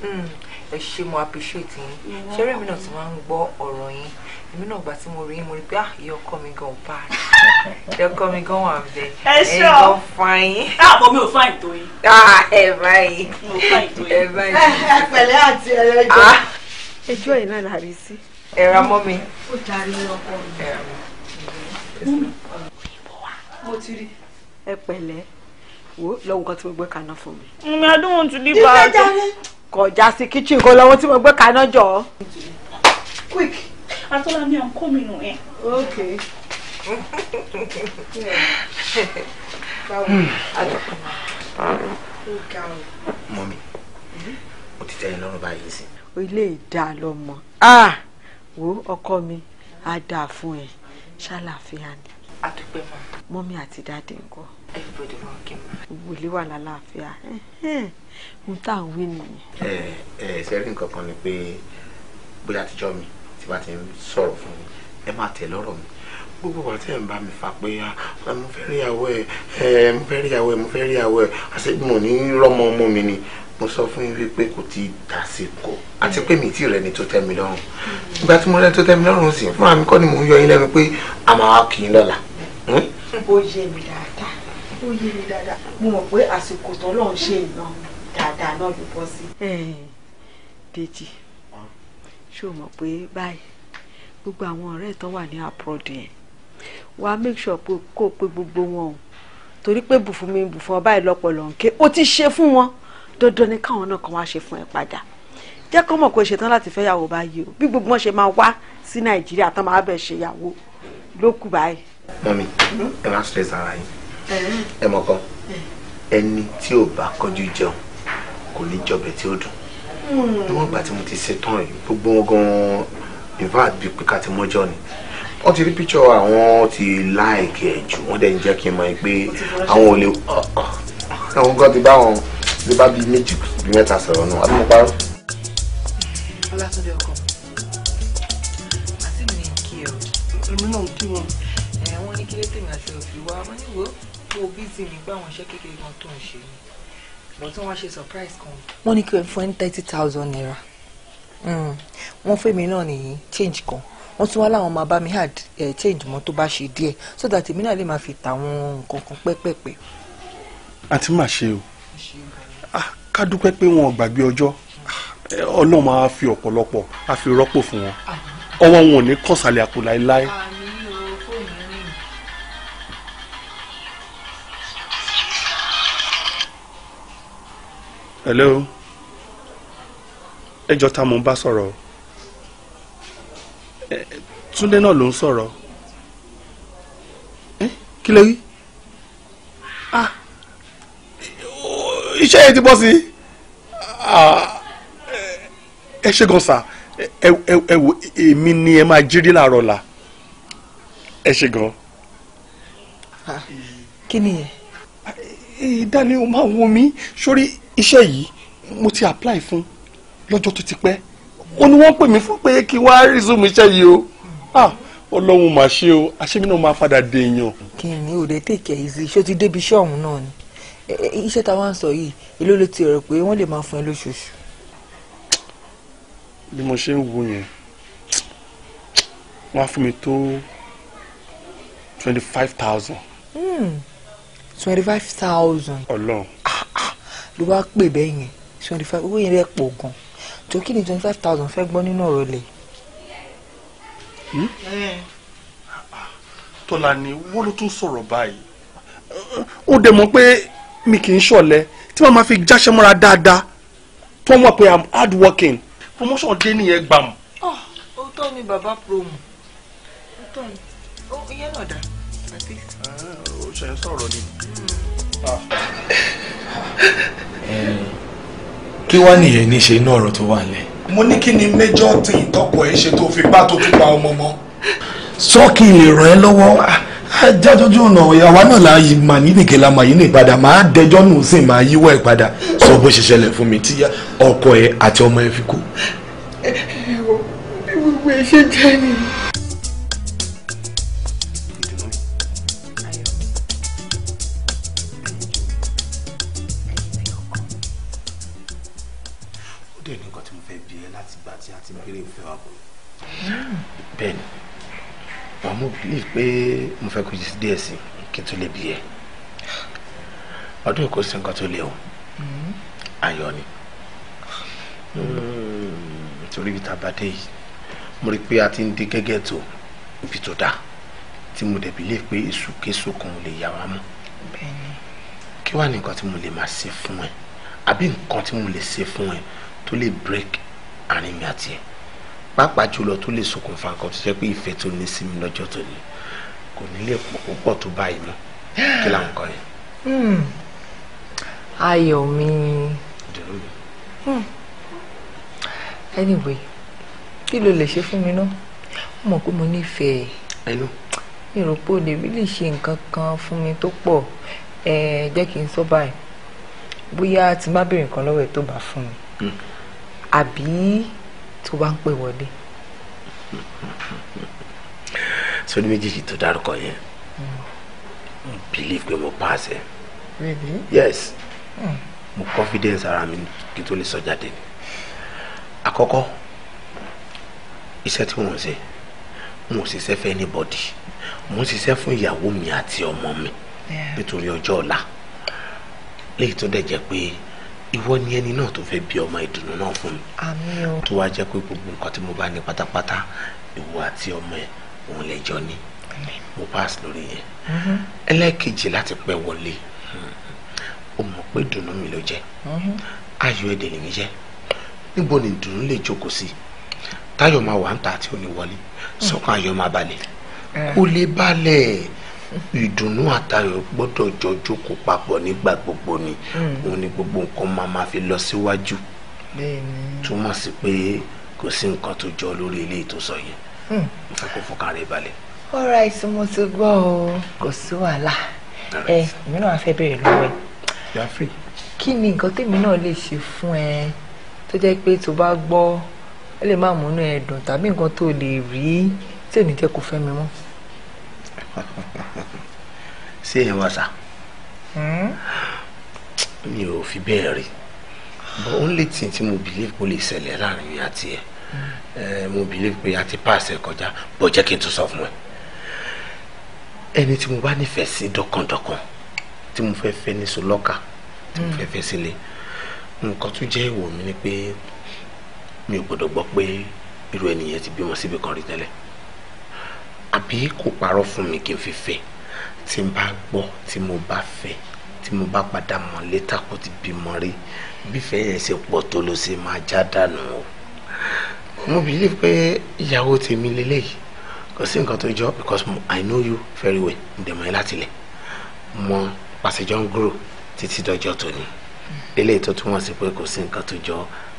hmm? hmm. ẹ ṣé mo appreciate yín ṣeré mi náà ti máa ń gbọ́ ọ̀rọ̀ yín èmi náà gbà tí mo rí mo rí pé ah ìyá ọkọ mi gan bá ìyá ọkọ mi gan wà bẹ ẹyin gan fain. káàbọ̀ ah, mi ò fain ah, tó yín. ẹ báyìí ẹ báyìí. ẹ pẹ̀lẹ́ àti ẹlẹ́jọ́. Ah. ẹjọ́ yìí náà làrí sí. ẹ ra mọ́ mi. ó darí ọkọ mi. ẹ ra mọ́ mi. mo ti rí. ẹ pẹ̀lẹ́ wo lọ́wọ́ nǹkan tí mo gbé kaná fún mi. mi mm, I don't want to leave out. kọjá sí kitchen kó lọ́wọ́ tí mo gbé kaná jọ. quick. Atolani, I'm coming on ok hmm. Okay. Mọ́mí, mo ti tẹ́yìn lọ́rùn báyìí sí. Ilé ìdá lọmọ. Ah! Wo ọkọ mi, a dà fún ẹ. Ṣàlàáfíà ni. A dúpẹ́ mọ́. Mọ́mí àti dáàdì ńkọ́. Everybody wọn kí mọ́. Wòlé wà lálàáfíà. Ohun tá à ń wí nìyẹn. Ẹ ẹ ṣe rí nǹkan kan ni pé bóyá àtijọ́ mi tí bá ti ń sọ̀rọ̀ fún mi ẹ máa tẹ̀ lọ́rọ̀ mi gbogbo wa tẹ̀ ń bá mi fà pé ah, ah, mo fẹ́ rí ìyàwó ẹ mo fẹ́ rí ìyàwó ẹ mo fẹ́ rí ìyàwó ẹ àti mo ní rọ́mọ ọmọ mi ni mo sọ fún yín wípé kò tí ì dàsìkò àti pé mi tí rẹ ni tó tẹ́ mi lọ́rùn ìgbà tí mo rẹ tó tẹ́ mi lọ́rùn sí fún àmì kọ́ ni mò ń yọ yín lẹ́nu pé a máa wá kì í lọ́la. Hm? ó yé mi dáadáa ó yé mi dáadáa mo mọ̀ pé àsìkò tọ́lọ́ ń ṣe ìná dáadáa náà ló bọ́ sí. Déjì ṣé o mọ̀ pé báyìí gbogbo àwọn ọ̀rẹ́ tó wà ní abroad yẹn wà á make sure pé kó o pé gbogbo wọn o torí pé bùfún mi bùfún ọba ìlọ́pọ̀lọ́ nké o ti ṣe fún wọn dandan ni káwọn náà kan wá ṣe fún ẹ padà jẹ́ kó mọ̀ pé o ṣetán láti fẹ́ yàwó báyìí o bí gbogbo wọn ṣe máa wá sí nàìjíríà tán máa bẹ̀ ṣe yàwó ló kù báyìí. mọ́mi ẹ má stress ara yín ẹ mọ̀ kan ẹni tí ò bá kọjú jẹun kò ní jọbẹ̀ tí ó dùn níwọ̀n ìgbà tí mo ti ṣe tán yìí gbogbo wọn gan-an in fact bíi pé ká ti mọ́jọ́ ni wọ́n ti rí píṣọ àwọn ti láìkì ẹ̀ jù wọ́n dẹ̀ ń jẹ́ kí n mọ̀ pé àwọn ò lè àwọn gan ti bá wọn ti bá bíi méjì bíi mẹ́ta sọ̀rọ̀ náà àbí mo ọkọ àti mi kí ọ èmi náà kí wọn ẹ wọn ní kí lẹ́tẹ̀mí àti òfin wa wọn ní wo wo bí ti nígbà wọn iṣẹ́ kékeré kan tó ń ṣe ni mo tún wá ṣe surprise kan. wọ́n ní kí wọ́n fún ẹ ní thirty thousand naira hmm. wọ́n fún mi náà ní change kan wọ́n tún wá láwọn máa bá mi hard eh, change mọ́ tó bá ṣe díẹ̀ so that èmi náà lè máa fi tàwọn nǹkan kan pẹ́pẹ́pẹ́. àǹtí mà ṣe o ah, ká dúpẹ́ pé wọn ò gbàgbé ọjọ́ ah, ọlọ́run máa fi ọ̀pọ̀lọpọ̀ á fi rọ́pò fún wọn ọwọ́ wọn ò ní kàn àpò láéláé. hello ẹjọ́ ta mo ń bá sọ̀rọ̀ ẹ Túndé náà ló ń sọ̀rọ̀ ẹ kí lè rí ah iṣẹ́ yẹn ti bọ́ sí ah, ẹ ṣe gan sa ẹ ẹ wo èmi ni ẹ máa jírí láàárọ̀ la ẹ ṣe gan. Ah, kí ni yẹn. ìdáni o máa wo mi sórí iṣẹ́ yìí mo ti apply fún lọ́jọ́ tó ti pẹ́ ó ní wọ́n pè mí fún pé kí wàá resume iṣẹ́ yìí o ah ọlọ́run mà ṣe o àṣẹ́mi náà máa padà dé èèyàn. kí ni ò dé tèkẹ́ yìí sí iṣẹ́ ti débi iṣẹ́ ọ̀hún náà ni e, e, iṣẹ́ tá a wá ń sọ yìí èló ló ti rẹ̀ pé wọ́n lè máa fún ẹ lóṣooṣù. bí mo ṣe ń wo yẹn wọ́n á fún mi tó twenty five thousand. Hmm, twenty five thousand. ọlọ́run. ah, ah ló wá pè bẹ́ẹ̀ yẹn twenty five owó yẹn rẹ̀ pọ̀ gan tó kí ni twenty five thousand fẹ́ gbọ́ nínú ọ̀rọ̀ lẹ̀. Hmm? Tọ́lání wọ́n ló tún sọ̀rọ̀ báyìí ó dẹ̀ mọ̀ pé mi kì í ṣọ̀lẹ tí màá máa fi jáṣẹ́ mọ́ra dáadáa tó mọ̀ pé i'm hard working promotion dé nìyẹn gbàmù. Ah, ó tọ́ ni bàbá promo ó tọ́ ni ó yẹn náà dá àti. Ah, ó ṣe sọ̀rọ̀ ni. Hmm. Ah kí wá nìyẹn ní ṣe inú ọ̀rọ̀ tó wà nílẹ̀. mo ní kí ni major tí ìtọ́kọ̀ ẹ ṣe tó fi bá tó tún pa ọmọ mọ́. sọ́ọ̀kì lè ràn ẹ́ lọ́wọ́ ajájọ́jú ọ̀nà àwa náà la mà ní nìkẹ́ la mà yí ní ìpadà máa dẹjọ́ nù sí máa yíwọ́ ẹ̀ padà sọ bó ṣe ṣẹlẹ̀ fún mi tí ọkọ ẹ àti ọmọ ẹ fi kú. ẹ ẹ ẹ gbogbo ẹ ṣe jẹ́ nìyí. pé mo fẹ́ kó jí sí díẹ̀ sí kí n tó lè bí ẹ ọdún èkó sí nǹkan tó lé o mm-hmm. ayọ̀ ni mm, torí ibi tá a bá dé yìí mo rí i pé a ti ń di gẹ́gẹ́ tó ibi tó dáa tí mo dẹ̀bi lè pé èsùkéso kan ò lè yà wá mọ́ kí wàá ní nǹkan tí mo lè máa ṣe fún ẹ àbí nǹkan tí mo lè ṣe fún ẹ tó lè break àárín mi àti ẹ pàápàá jùlọ tó lè ṣokùnfà nǹkan tó jẹ́ pé ìfẹ́ tó ní sí mi lọ́jọ́ tó ní kò ní lè pọ̀ púpọ̀ tó báyìí mọ́ kí là ń kọ yẹn. Hmm. ayọ̀ mi. Hmm. anyway kí ló lè ṣe fún mi náà mo mọ̀ pé mo nífẹ̀ẹ́. ẹnu. mi rò pé o lè rí lè ṣe nǹkan kan fún mi tó pọ̀ jẹ́ kí n sọ báyìí bóyá tí n bá béèrè nǹkan lọ́wọ́ ẹ̀ tó bá fún mi hmm. àbí tó bá ń pè wọlé sórí méjèèjì tó dárúkọ yẹn hmm. believe pé mo pass ẹ yes hmm. mo confidence ara mi kí n tó lè sọ jáde ni àkọ́kọ́ iṣẹ́ tí mo ń ṣe mo ń ṣiṣẹ́ fẹ́ anybody mo ń ṣiṣẹ́ fún ìyàwó mi àti ọmọ mi nítorí ọjọ́ ọ̀la léyìí tó dẹ̀ jẹ́ pé ìwọ ni ẹni náà tó fẹ́ bí ọmọ ìdùnnú náà fún mi tó wá jẹ́ pé gbogbo nǹkan tí mo bá ní pátápátá ìwọ àti ọmọ ẹ̀ òun lẹ́jọ́ ni mo pass lórí yẹn uh-huh. ẹlẹ́ẹ̀kejì láti pẹ́ wọlé o mọ̀ pé dùnú mi ló jẹ́ uh-huh. ayọ̀ èdè lèmi jẹ́ níbo ni dùnú lè jókòó sí táyọ̀ máa wà ń ta àti òní wọlé sọ́kàn ayọ̀ máa balẹ̀ kó uh-huh. lè balẹ̀ ìdùnnú àtayọ̀ gbọ́dọ̀ jọ jókòó papọ̀ nígbà gbogbo ni mm. òun ni gbogbo nǹkan máa máa fi lọ síwájú túmọ̀ sí pé kò sí nǹkan tó jọ lórí ilé ìtòsọ yẹn mo fẹ́ kó fọkàn rẹ̀ balẹ̀. all right mo ti gbọ́ o kò sí wàhálà ẹ èmi náà fẹ́ bẹ̀rẹ̀ lọ́wọ́ ẹ kí ni nǹkan tèmi náà lè ṣe fún ẹ tó jẹ́ pé tó bá gbọ́ ẹ lè má múnú ẹ dùn tàbí nǹkan tó lè rí tí ò ní jẹ́ kó fẹ́ mi mọ́. ṣé ẹ wá sá hmm? mi ò fi bẹ́ẹ̀ rí but only thing tí mo believe kò lè ṣẹlẹ̀ láàrin mi àti ẹ. Eh, mo believe pé a ti pass ẹ kọjá bó jẹ́ kí n tún sọ fún ẹ ẹni tí mo bá nífẹ̀ẹ́ sí dọ́kàndọ́kàn tí mo fẹ́ fẹ́ ní sọlọ́kà tí mo hmm. fẹ́ fẹ́ sílé nǹkan tún jẹ́ ìwò mi ni pé mi ò gbọ́dọ̀ gbọ́ pé irú ẹnìyẹn ti bímọ síbi kan rí tẹ́lẹ̀ àbí kò parọ́ fún mi kí n fi fẹ́ tí n bá gbọ́ tí mo bá fẹ́ tí mo bá padà mọ̀ létà kó ti bímọ rí bí fẹ́ yẹn ṣe pọ̀ tó ló ṣe máa já dànù o mo believe pé ìyàwó tèmi lélẹ́yìí kò sí nǹkan tó jọ because I know you very well ǹdẹ̀mọ̀ ẹ láti lẹ̀ mọ pàṣẹjọ ń grow títí dọjọ́ tòní lélẹ́yìí tó túmọ̀ sí pé kò sí nǹkan tó jọ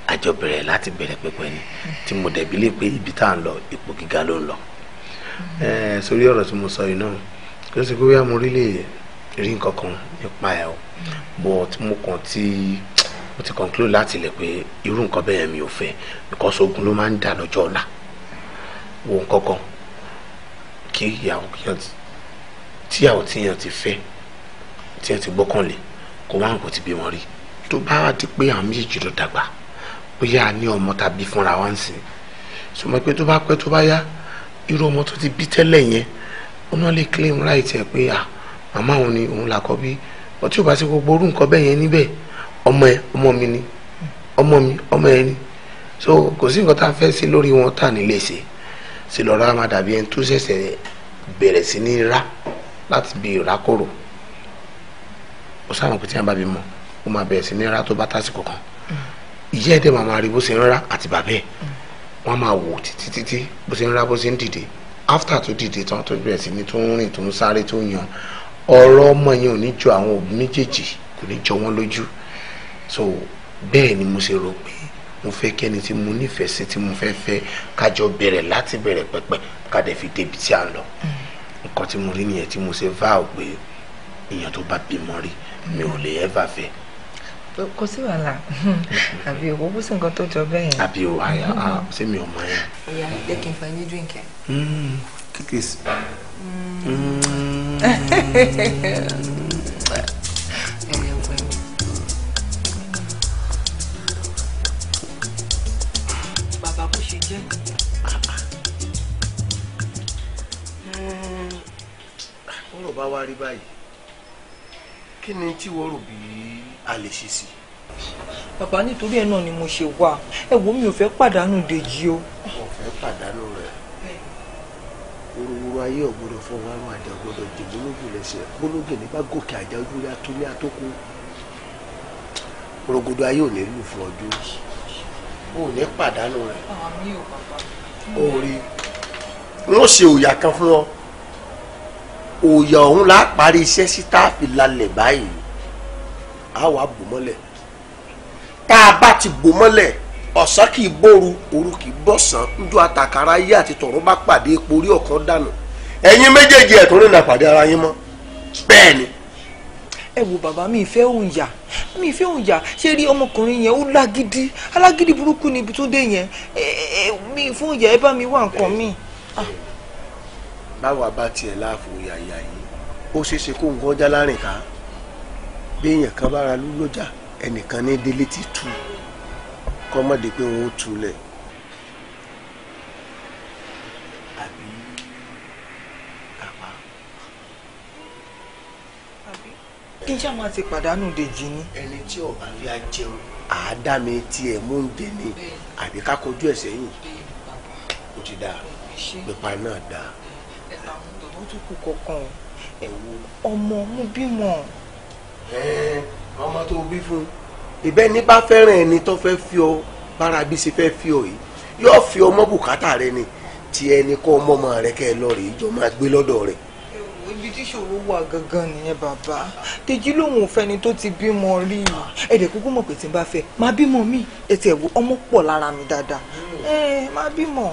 àjọ bẹ̀rẹ̀ láti bẹ̀rẹ̀ pẹ́pẹ́ ni tí mo dẹ̀ believe pé ibi tá à ń lọ ipò gíga ló ń lọ sórí ọ̀rọ̀ tí mo sọ yìí náà kí ló ṣe pé bí amúrílẹ̀ rí nǹkan kan nípa ẹ̀ o but mo kàn ti mo ti conclude láti lè pé irú nǹkan bẹ́ẹ̀ mi ò fẹ́ because ogun ló máa ń dà lọ́jọ́ ọ̀la wo nǹkan kan kí ìyàwó tíyàwó tíyàn ti fẹ́ tíyàn ti gbọ́kànlé kó má kó ti bí wọn rí tó bá wá di pé àwọn méjèèjì ló dàgbà bóyá a ní ọmọ tàbí fúnra wa ń sìn sọmọ pé tó bá pẹ́ tó bá yá irú ọmọ tó ti bí tẹ́lẹ̀ yẹn ó náà lè claim right ẹ̀ pé ah màmá òun ni òun làkọ́ bí ọtí ò bá sí gbogbo orú nǹkan bẹ́ẹ̀ yẹn níbẹ̀ ọmọ ẹ ọmọ mi ni ọmọ mi ọmọ ẹ ni so kò sí nǹkan tá a fẹ́ ṣe lórí wọn tà nílé ṣe ṣe lọ́ra máa dàbí ẹni tó ṣẹ̀ṣẹ̀ bẹ̀rẹ̀ sí ní rá láti bí ìrákòrò ó sáwọn kò tí wọn bá bí mọ ó máa bẹ̀rẹ̀ sí ní rá tó bá tásìkò kan ìyá ẹ̀ máa máa rí bó ṣe ń rá àti bàbá ẹ̀ máa wò títí títí bó ṣe ń rá bó ṣe ń dìde after tó dìde tán tó bẹ̀rẹ̀ sí ní tó ń rìn tó ń sáré tó ń yan ọ̀rọ̀ ọmọ yẹn ò ní jọ àwọn òbí méjèèjì kò ní jọ wọ́n lójú so bẹ́ẹ̀ ni mo ṣe rò pé mo fẹ́ kẹ́ni tí mo nífẹ̀ẹ́ sí tí mo fẹ́ fẹ́ kájọ bẹ̀rẹ̀ láti bẹ̀rẹ̀ pẹ̀pẹ̀ ká dẹ̀ fi débi tí a ń lọ mm. nǹkan tí mo rí nìyẹn tí mo ṣe vow pé èèyàn tó bá bímọ rí mi ò lè ever fẹ́ kò sí wàhálà àbí o kò sí nǹkan tó jọ bẹ́ẹ̀ yẹn. àbí o àyà á sí mi ò mọ yẹn. ìyá jẹ́ kí n fa yín drink ẹ̀. kíkì sí. ṣe jẹ́ hmm. ọ̀rọ̀ bá wá rí báyìí kí ni tí wọ́n rò bí a lè ṣe sí. bàbá nítorí ẹ náà ni mo ṣe wá ẹ wo mi ò fẹ́ pàdánù Dèjì o. mo fẹ́ pàdánù rẹ̀ wúrúwúrú ayé ọ̀gbọ́dọ̀ fọwọ́ àrùn àjà ọ̀gbọ́dọ̀ jẹ gbólógùn lẹ́sẹ̀ gbólógùn ní bá gòkè àjà ojú rí atúlé atókù rògbòdò ayé ò ní lù fún ọdún. o ò ní pàdánù rẹ̀ orí wọ́n ṣe kan fún ọ la parí iṣẹ́ sí tá a fi báyìí a wà bò tá a bá ti bò ọ̀sán kì í bóru òru kì í bọ̀sán pàdé epo orí ọ̀kan dànù ẹ̀yin méjèèjì pàdé ara yín mọ́ bẹ́ẹ̀ ni ẹ wo bàbá mi ìfẹ́ òun yà mi ìfẹ́ òun yà ṣé rí ọmọkùnrin yẹn ó lágídí alágídí burúkú ni ibi tó dé yẹn mi ìfẹ́ òun yà ẹ bá mi wá nǹkan mi. báwa bá tiẹ̀ láàfo yàyà yìí ó ṣeé ṣe kó nǹkan já láàrin ká bí èèyàn kan bára ló lójà ẹnìkan ní délé ti tú kọ́mọ̀dé pé òun ó tú lẹ̀ kí n ṣáà máa ti pàdánù dèjì ni. ẹni tí ọba rí a jẹun àádámi tiẹ̀ mú ń dè ní àbí ká kojú ẹ̀ sẹ́yìn ó ti dáa pípa náà dáa. àwọn bàbá tó kù kọ̀ọ̀kan ẹ̀ wo ọmọ mú bímọ. ọmọ tó bí fún ìbẹ́ ní bá fẹ́ràn ẹni tó fẹ́ fi ọ bára bí ṣe fẹ́ fi ọ yìí yóò fi ọmọ bùkátà rẹ ni tiẹ̀ ní kọ́ ọmọ ọmọ rẹ kẹ́ ẹ lọ rèé jọ máa gbé lọ́dọ̀ rẹ̀ ibi tí ìṣòro wà gangan nìyẹn bàbá Dèjì lòun ò fẹ́ni tó ti bímọ rí i ẹ̀dẹ̀ kúkú mọ̀ pé tí n bá fẹ́ máa bímọ mi ètò ẹ̀wọ̀ ọmọ pọ̀ lára mi dáadáa ẹ máa bímọ.